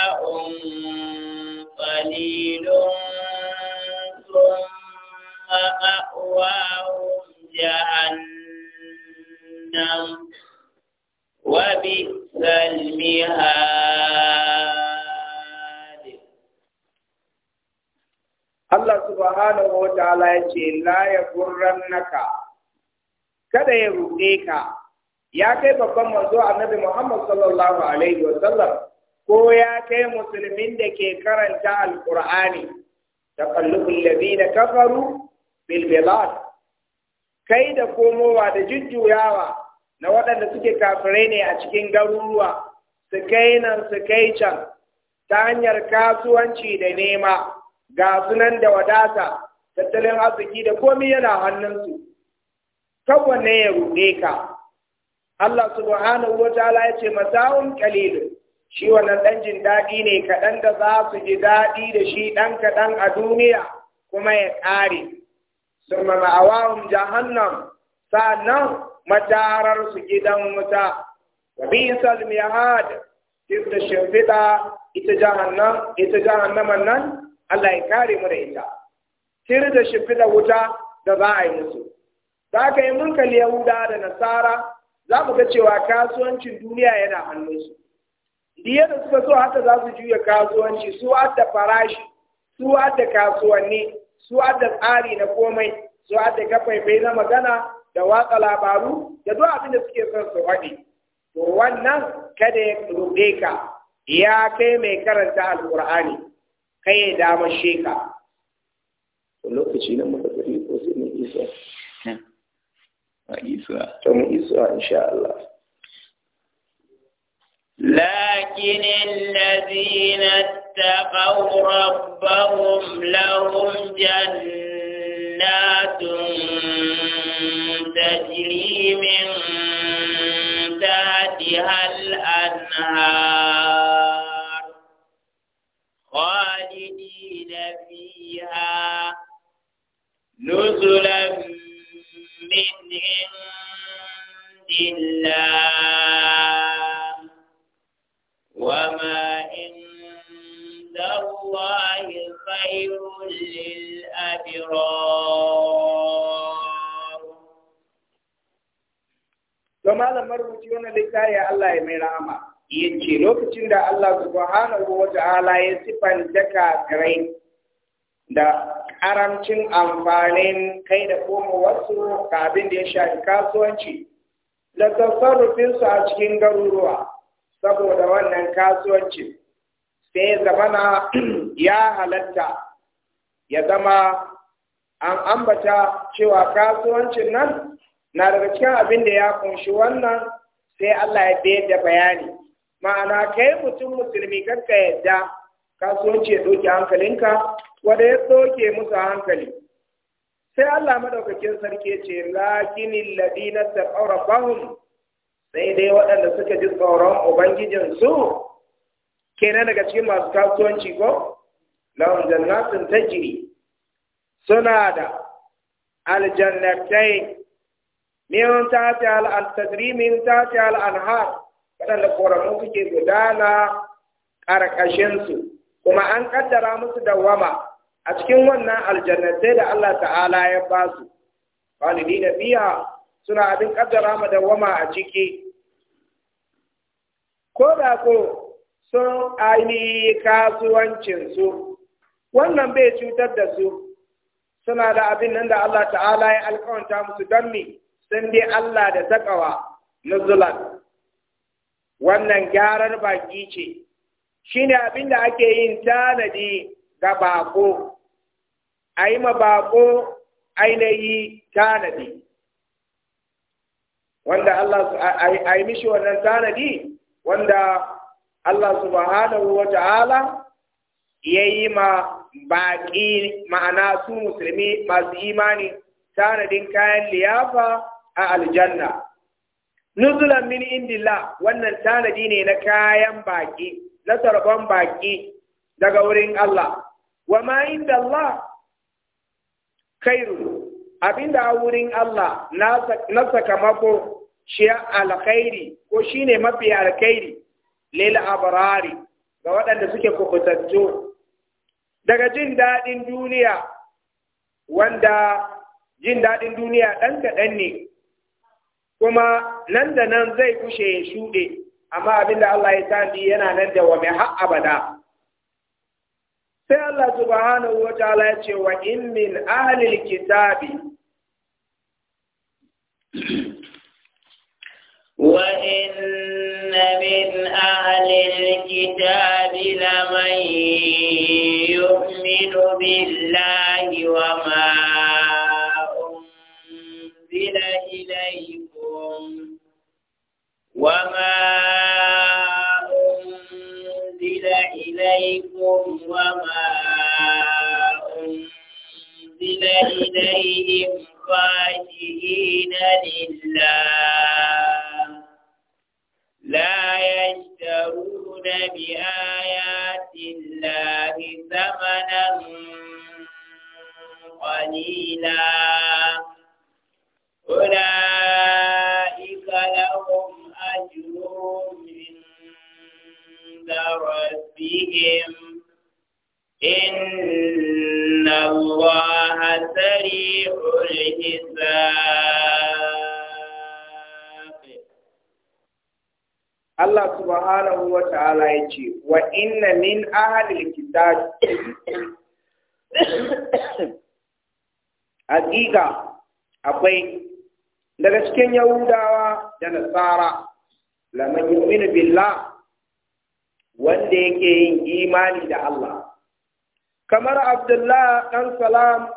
Allah هادٍ الله ce, la ya لا يغرنك kada ya ruɗe ka ya kai babban manzo annabi Muhammad sallallahu alaihi wa sallam ko ya kai musulmin da ke karanta alqur'ani taqallubul ladina kafaru bil bilad kai da komowa da jujjuyawa na waɗanda suke kafirai ne a cikin garuruwa su kai nan su kai can ta hanyar kasuwanci da nema ga sunan da wadata tattalin arziki da komi yana hannunsu kowanne ya ruɗe ka Allah subhanahu wa ta'ala ya ce mata'un shi wannan dan jin daɗi ne kaɗan da za su ji daɗi da shi ɗan kaɗan a duniya kuma ya ƙare summa ma'awahum jahannam nan matararsu gidan wuta wa bi insal miyahad tirta shimfiɗa ita jahannam nan Allah ya kare mu da ita tirta shimfiɗa wuta da za a yi musu za ka yi mun kalli yahuda da nasara za mu ga cewa kasuwancin duniya yana hannunsu diya da suka so haka za su juya kasuwanci su adda farashi su adda kasuwanni su adda tsari na komai su adda kafaifai na magana da watsa labaru da duk abin da suke son su faɗi to wannan kada ya ruɗe ka ya kai mai karanta alƙur'ani kai ya dama sheka lokaci na muka tafi ko sai mu isa a isa to mu isa insha Allah لكن الذين اتقوا ربهم لهم جنات تجري من تحتها الأنهار خالدين فيها نزلا من عند الله ya Allah ya mai rahama ce lokacin da Allah subhanahu wa ta'ala ya sifanta kafirai da karamcin amfanin kai da koma wasu kabin da ya shafi kasuwanci da tasarrufinsu a cikin garuruwa saboda wannan kasuwanci sai zamana ya halatta ya zama an ambata cewa kasuwancin nan na daga cikin abin da ya kunshi wannan sai Allah ya bayar da bayani ma'ana kai mutum musulmi kanka yadda kasuwanci ya doke hankalinka wanda ya doke musu hankali sai Allah madaukakin sarki ce lakinil ladina taqaw sai dai waɗanda suka ji tsoron ubangijin su kenan daga cikin masu kasuwanci ko lahum jannatin tajri suna da aljannatai min tati al al-tadri min tati al suke gudana ƙarƙashin su kuma an ƙaddara musu wama a cikin wannan aljannatai da Allah ta'ala ya ba su na biya suna abin kaddara da wama a ciki ko da ko sun ainihi kasuwancin su wannan bai cutar da su suna da abin nan da Allah ta'ala ya alƙawanta musu don me sun dai Allah da taƙawa nuzulan wannan gyaran baki ce shine abin da ake yin tanadi ga bako a yi ma bako ainihi tanadi wanda Allah a yi mishi wannan tanadi wanda Allah subhanahu wa ta'ala ya yi ma baƙi ma'ana su musulmi masu imani tanadin kayan liyafa a aljanna nuzulan min indillah wannan tanadi ne na kayan baki na tarban baki daga wurin Allah wa ma inda Allah khairu abinda a wurin Allah na sakamako shi alkhairi ko shine mafi alkhairi lil abrari ga waɗanda suke kubutattu daga jin daɗin duniya wanda jin daɗin duniya ɗan kaɗan ne kuma nan da nan zai kushe ya shuɗe amma abin da Allah ya sani yana nan da wa mai har abada sai Allah subhanahu wa ta'ala ya ce wa in min ahlil kitabi wa in min ahlil kitabi laman yu'minu billahi wa ma وما أنزل إليكم وما أنزل إليهم خاشعين لله لا يشترون بآيات الله ثمنا قليلا أولئك Ina zuwa hatsari a wajen isa. Allah Suba halarhu wata ala'a ya ce, waɗinanin ahal likita da ke cikin haɗi. daga cikin Yahudawa da nasara tsara, lamai wanda yake yin imani da Allah kamar Abdullah ɗan salam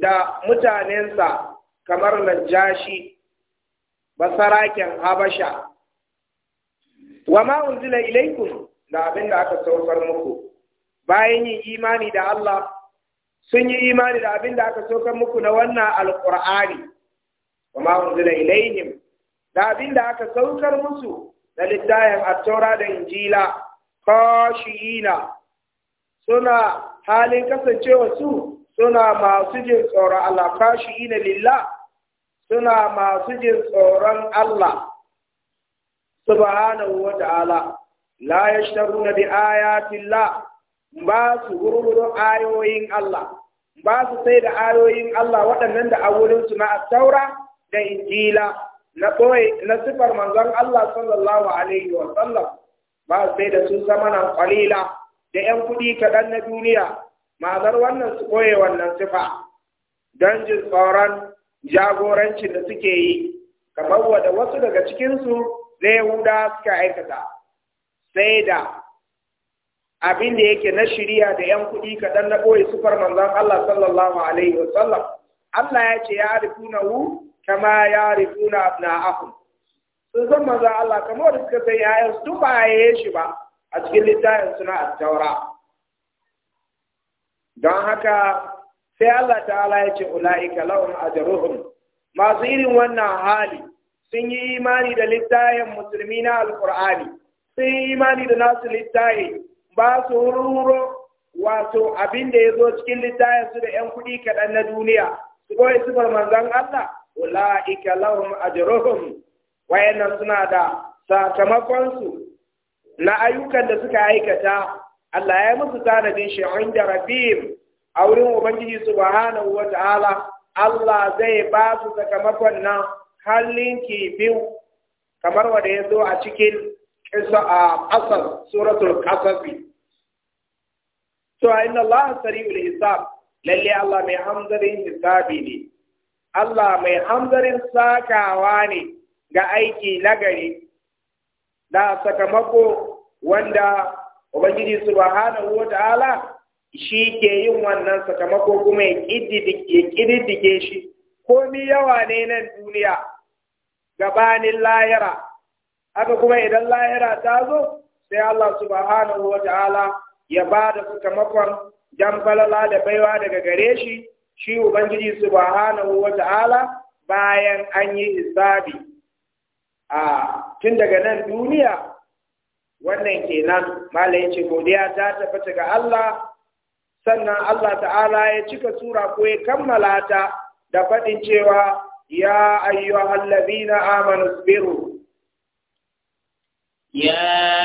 da mutanensa kamar Najashi basaraken Habasha wa ma unzila ilaikun da abin da aka saukar muku bayan yin imani da Allah sun yi imani da abin da aka saukar muku na wannan Alƙur'ani. wa ma unzila ilaikun da abin da aka saukar musu na a at da Injila khashiyina suna halin kasancewa su suna masu jin tsoron Allah khashiyina lillah suna masu jin tsoron Allah subhanahu wa ta'ala la yashtaruna bi ayati llah ba su gurgurun ayoyin Allah ba su sai da ayoyin Allah waɗannan da a wurin su na taura da injila na na sifar manzon Allah sallallahu alaihi wa sallam ba sai da sun zama nan da yan kuɗi kaɗan na duniya ma'anar wannan su koye wannan sifa don jin tsoron jagorancin da suke yi kamar wadda wasu daga cikinsu zai huda suka aikata sai da abin da yake na shirya da yan kuɗi kaɗan na ɓoye sufar manzon Allah sallallahu alaihi wasallam Allah ya ce ya rifuna hu kama ya rifuna abna'ahum sun san manzon Allah kamar da suka sai yayan su ba shi ba a cikin littafin suna a taura don haka sai Allah ta'ala ya ce ula'ika lahum ajruhum masu irin wannan hali sun yi imani da littafin musulmi na alkur'ani sun yi imani da nasu littafi ba su hurhuro wato abin da ya zo cikin littafinsu su da 'yan kuɗi kaɗan na duniya su koyi sifar manzon Allah ula'ika lahum ajruhum wayannan suna da sakamakonsu na ayyukan da suka aikata Allah ya musu tanadin shi inda a wurin ubangiji subhanahu wa ta'ala Allah zai ba su sakamakon nan halin biyu kamar wanda ya zo a cikin kisa a asar suratul qasafi to inna Allah sari'ul hisab lalle Allah mai hamzarin hisabi ne Allah mai hamzarin sakawa ne ga aiki nagari da sakamako wanda Ubangiji subhanahu wa ta'ala shi ke yin wannan sakamako kuma ya ƙididdike shi, komi yawa ne nan duniya gabanin layara, haka kuma idan layara ta zo, sai Allah subhanahu wa ta'ala ya ba da sakamakon jambalala da baiwa daga gare shi, shi Ubangiji subhanahu wa ta'ala bayan an yi hisabi. a tun daga nan duniya wannan kenan malai ce godiya ta tafi ga Allah sannan Allah ta'ala ya cika sura ko ya kammala ta da faɗin cewa ya ayyuhal ladina amanu sabiru ya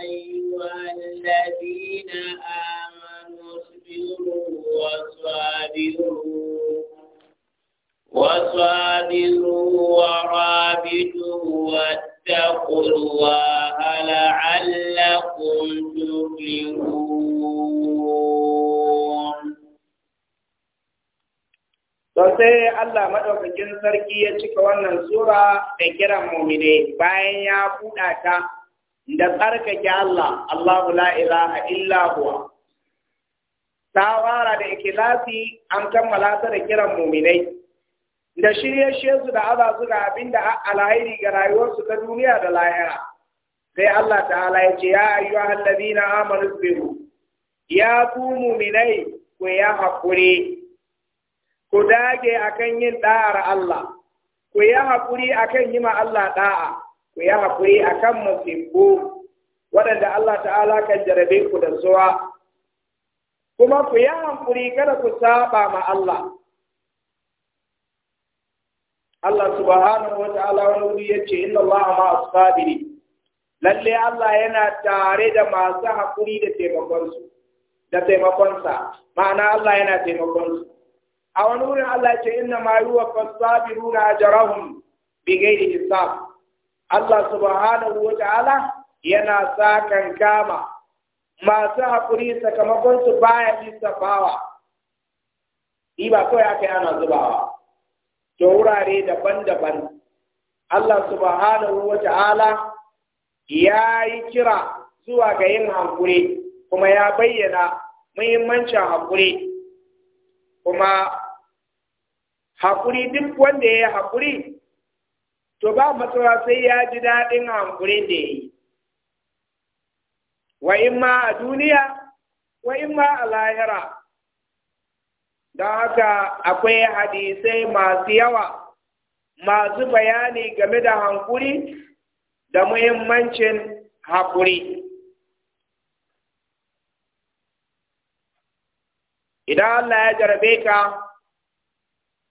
ayyuhal ladina amanu sabiru wa sabiru وصابروا ورابطوا واتقوا الله لعلكم تفلحون sosai Allah maɗaukakin sarki ya cika wannan sura da kiran mumine bayan ya buɗata, ta da tsarkake Allah Allahu la ilaha illa huwa ta fara da ikilasi an kammala ta da kiran muminai da shirye su da aza su ga abin da alhairi ga rayuwarsu ta duniya da lahira sai Allah ta'ala ya ce ya ayyuhal ladina amanu biru ya ku mu'minai ku ya hakuri ku dage akan yin da'ar Allah ku ya hakuri akan yi ma Allah ɗa'a, ku ya hakuri akan musibbu, waɗanda Allah ta'ala kan jarabe ku da zuwa kuma ku ya hakuri kada ku saba ma Allah Allah subhanahu wata'ala wani wuri ya ce inna Allah ma asabiri lalle Allah yana tare da masu haƙuri da taimakonsu da taimakonsa ma'ana Allah yana taimakonsu a wani wurin Allah ce inna ma yuwa fasabiruna ajrahum bigai da hisab Allah subhanahu wata'ala yana sa kan masu haƙuri sakamakonsu baya lissafawa. Iba kawai aka yi ana zubawa. da wurare daban-daban Allah subhanahu wa ta'ala ya yi kira zuwa ga yin hankuri kuma ya bayyana muhimmancin hankuri kuma hankuri duk wanda ya yi hankuri to ba matsala sai ya ji daɗin hankuri da ya yi wa in ma a duniya wa ma a lahira don haka akwai hadisai masu yawa masu bayani game da hankuri da muhimmancin haƙuri. Idan Allah ya jarabe ka,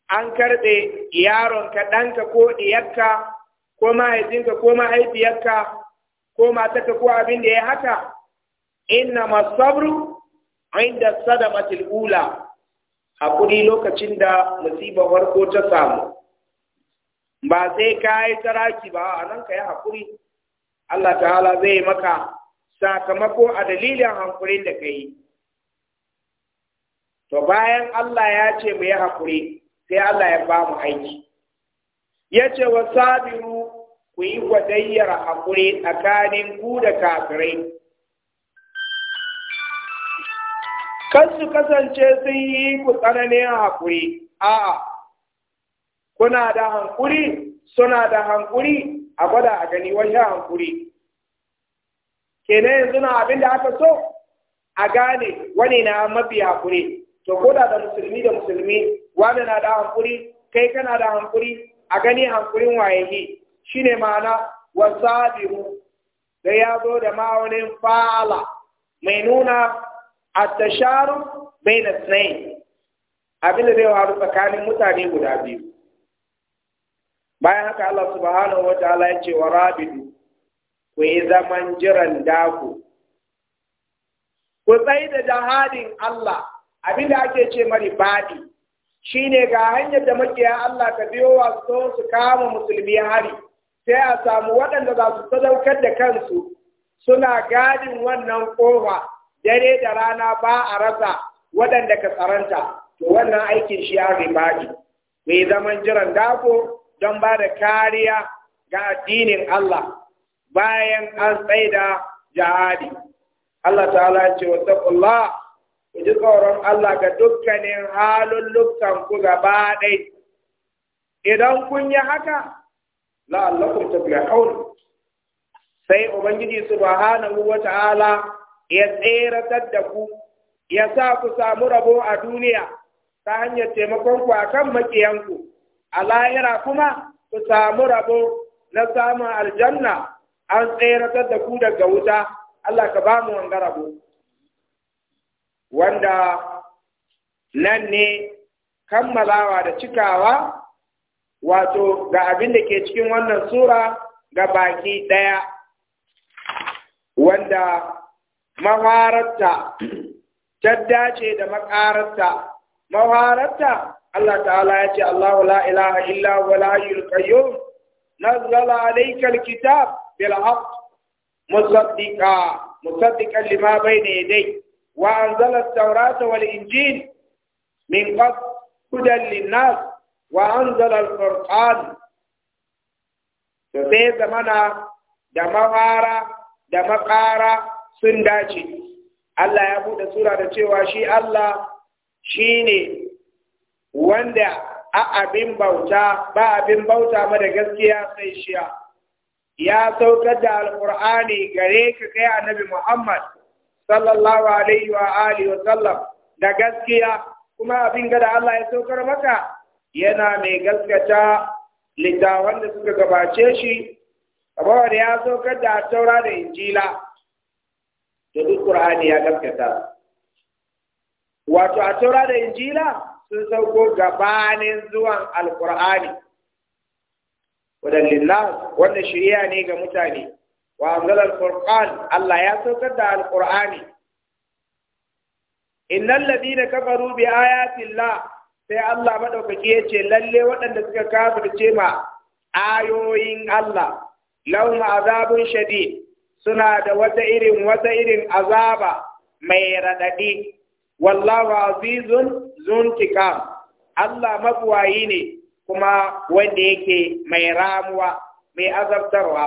an karɓe yaronka ɗanka ko ɗiyarka ko mahaifinka ko mahaifiyarka ko matarka ko abin da ya haka, inna masabru inda sadamatul ula. haƙuri lokacin da musiba farko ta samu ba sai ka yi taraki ba a nan ka yi haƙuri Allah ta'ala zai maka sakamako a dalilin hankulin da ka yi to bayan Allah ya ce mu yi haƙuri sai Allah ya ba mu aiki ya ce wa sabiru ku yi gwadayyar haƙuri tsakanin ku da kafirai kan su kasance sun yi ku tsananin haƙuri a kuna da hankuri suna da hankuri a gwada a gani wani hankuri kenan yanzu na abin da aka so a gane wani na mafi hankuri to koda da musulmi da musulmi wani na da hankuri kai kana da hankuri a gani hankurin waye wayayi shine ma'ana wasabiru da ya zo da ma'aunin fa'ala mai nuna at-tasharuf bayna abin da zai tsakanin mutane guda biyu bayan haka Allah subhanahu wa ta'ala ya ce wa rabidu ku yi zaman jiran daku ku tsaye da jahadin Allah abin da ake ce mari badi shine ga hanyar da makiya Allah ka biyo wa so su kama musulmi hari sai a samu waɗanda za su sadaukar da kansu suna gadin wannan ƙofa dare da rana ba a rasa waɗanda ka tsaranta to wannan aikin shi ya ribaɗi mai zaman jiran dako don ba da kariya ga addinin Allah bayan an da jihadi Allah ta'ala ce wa taqullah ku ji tsoron Allah ga dukkanin halin lukkan ku gaba ɗai idan kun yi haka la'allakum tuflihun sai ubangiji subhanahu wa ta'ala ya tseratar da ku ya sa ku samu rabo a duniya ta hanyar taimakon ku akan makiyanku a lahira kuma ku samu rabo na samun aljanna an tseratar da ku daga wuta Allah ka ba mu wanga rabo wanda nan ne kammalawa da cikawa wato ga abin da ke cikin wannan sura ga baki ɗaya wanda mahararta ta dace da makararta mahararta Allah ta'ala ya ce Allahu la ilaha illa huwa al-hayyul qayyum nazzala alayka al-kitab bil haqq musaddiqa musaddiqan lima bayna yadayhi wa anzala at-taurata wal injil min qabl hudan lin-nas wa anzala al-furqan to sai zamana da mawara da makara sun dace Allah ya buɗe sura da cewa shi Allah shi ne wanda a abin bauta ba abin bauta ma da gaskiya sai shiya ya saukar da alƙur'ani gare ka kai annabi Muhammad sallallahu alaihi wa alihi wa sallam da gaskiya kuma abin gada Allah ya saukar maka yana mai gaskata littawan da suka gabace shi da ya saukar da a taura da injila to duk Qur'ani ya gaskata wato a tora da injila sun sauko gabanin zuwan alqur'ani wadallillah wannan shirya ne ga mutane wa anzala Allah ya saukar da alqur'ani innal ladina kafaru bi ayati Allah sai Allah madaukaki yace lalle waɗanda suka kafirce ma ayoyin Allah lahum azabun shadid suna da wata irin wata irin azaba mai raɗaɗi wallahu azizun zuntikam Allah mabuwayi ne kuma wanda yake mai ramuwa mai azabtarwa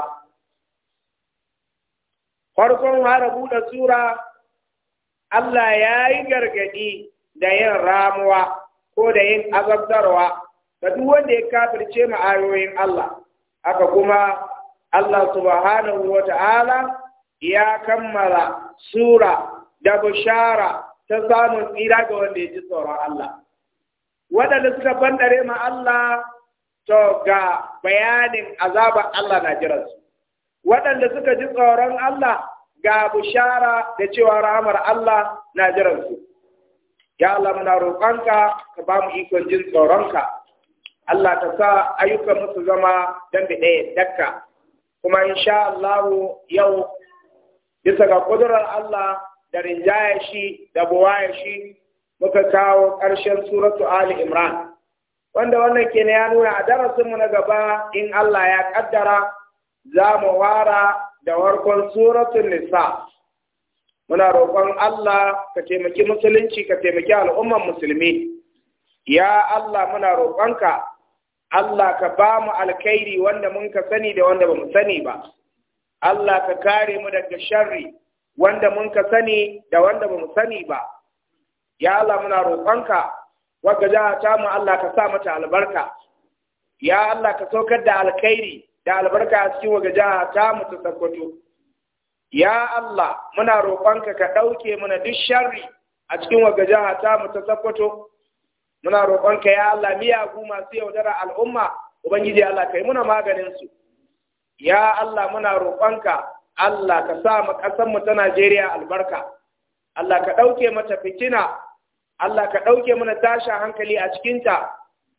farkon fara buɗe sura Allah ya yi gargaɗi da yin ramuwa ko da yin azabtarwa ga duk wanda ya kafirce ma Allah haka kuma Allah subhanahu wa ta'ala ya kammala sura da bushara ta samun tsira ga wanda ya ji tsoron Allah. Waɗanda suka bandare ma Allah to ga bayanin azabar Allah na jiransu. Waɗanda suka ji tsoron Allah ga bushara da cewa ramar Allah na jiransu. Ya Allah muna roƙonka ka ba mu ikon jin tsoronka. Allah ta sa ayyukan musu zama dambe ɗaya dakka. kuma insha Allah yau bisa ga kudurar Allah da rinjaya shi da buwaya shi muka kawo ƙarshen suratu Ali Imran wanda wannan ke ya nuna a darasinmu na gaba in Allah ya ƙaddara za mu wara da warkon suratun nisa muna roƙon Allah ka taimaki musulunci ka taimaki al'umman musulmi ya Allah muna roƙonka Allah ka ba mu alkhairi wanda mun ka sani da wanda ba mu sani ba Allah ka kare mu daga sharri wanda mun ka sani da wanda ba mu sani ba ya Allah muna roƙonka wanda jaha ta mu Allah ka sa mata albarka ya Allah ka saukar da alkhairi da albarka a cikin waga jaha ta mu ta sakkwato ya Allah muna roƙonka ka ɗauke mana duk sharri a cikin waga jaha ta mu ta sakkwato muna roƙonka ya Allah miyagu masu yaudara al'umma ubangiji Allah kai muna maganin su ya Allah muna roƙonka Allah ka sa mu ƙasar mu ta Najeriya albarka Allah ka ɗauke mata fitina Allah ka ɗauke mana tashin hankali a cikinta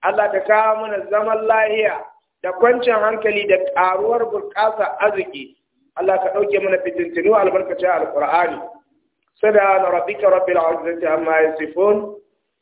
Allah ka kawo mana zaman lahiya da kwancin hankali da ƙaruwar burƙasa arziki Allah ka ɗauke mana fitintinu albarkacin alƙur'ani sada na rabbika rabbil izzati amma yasifun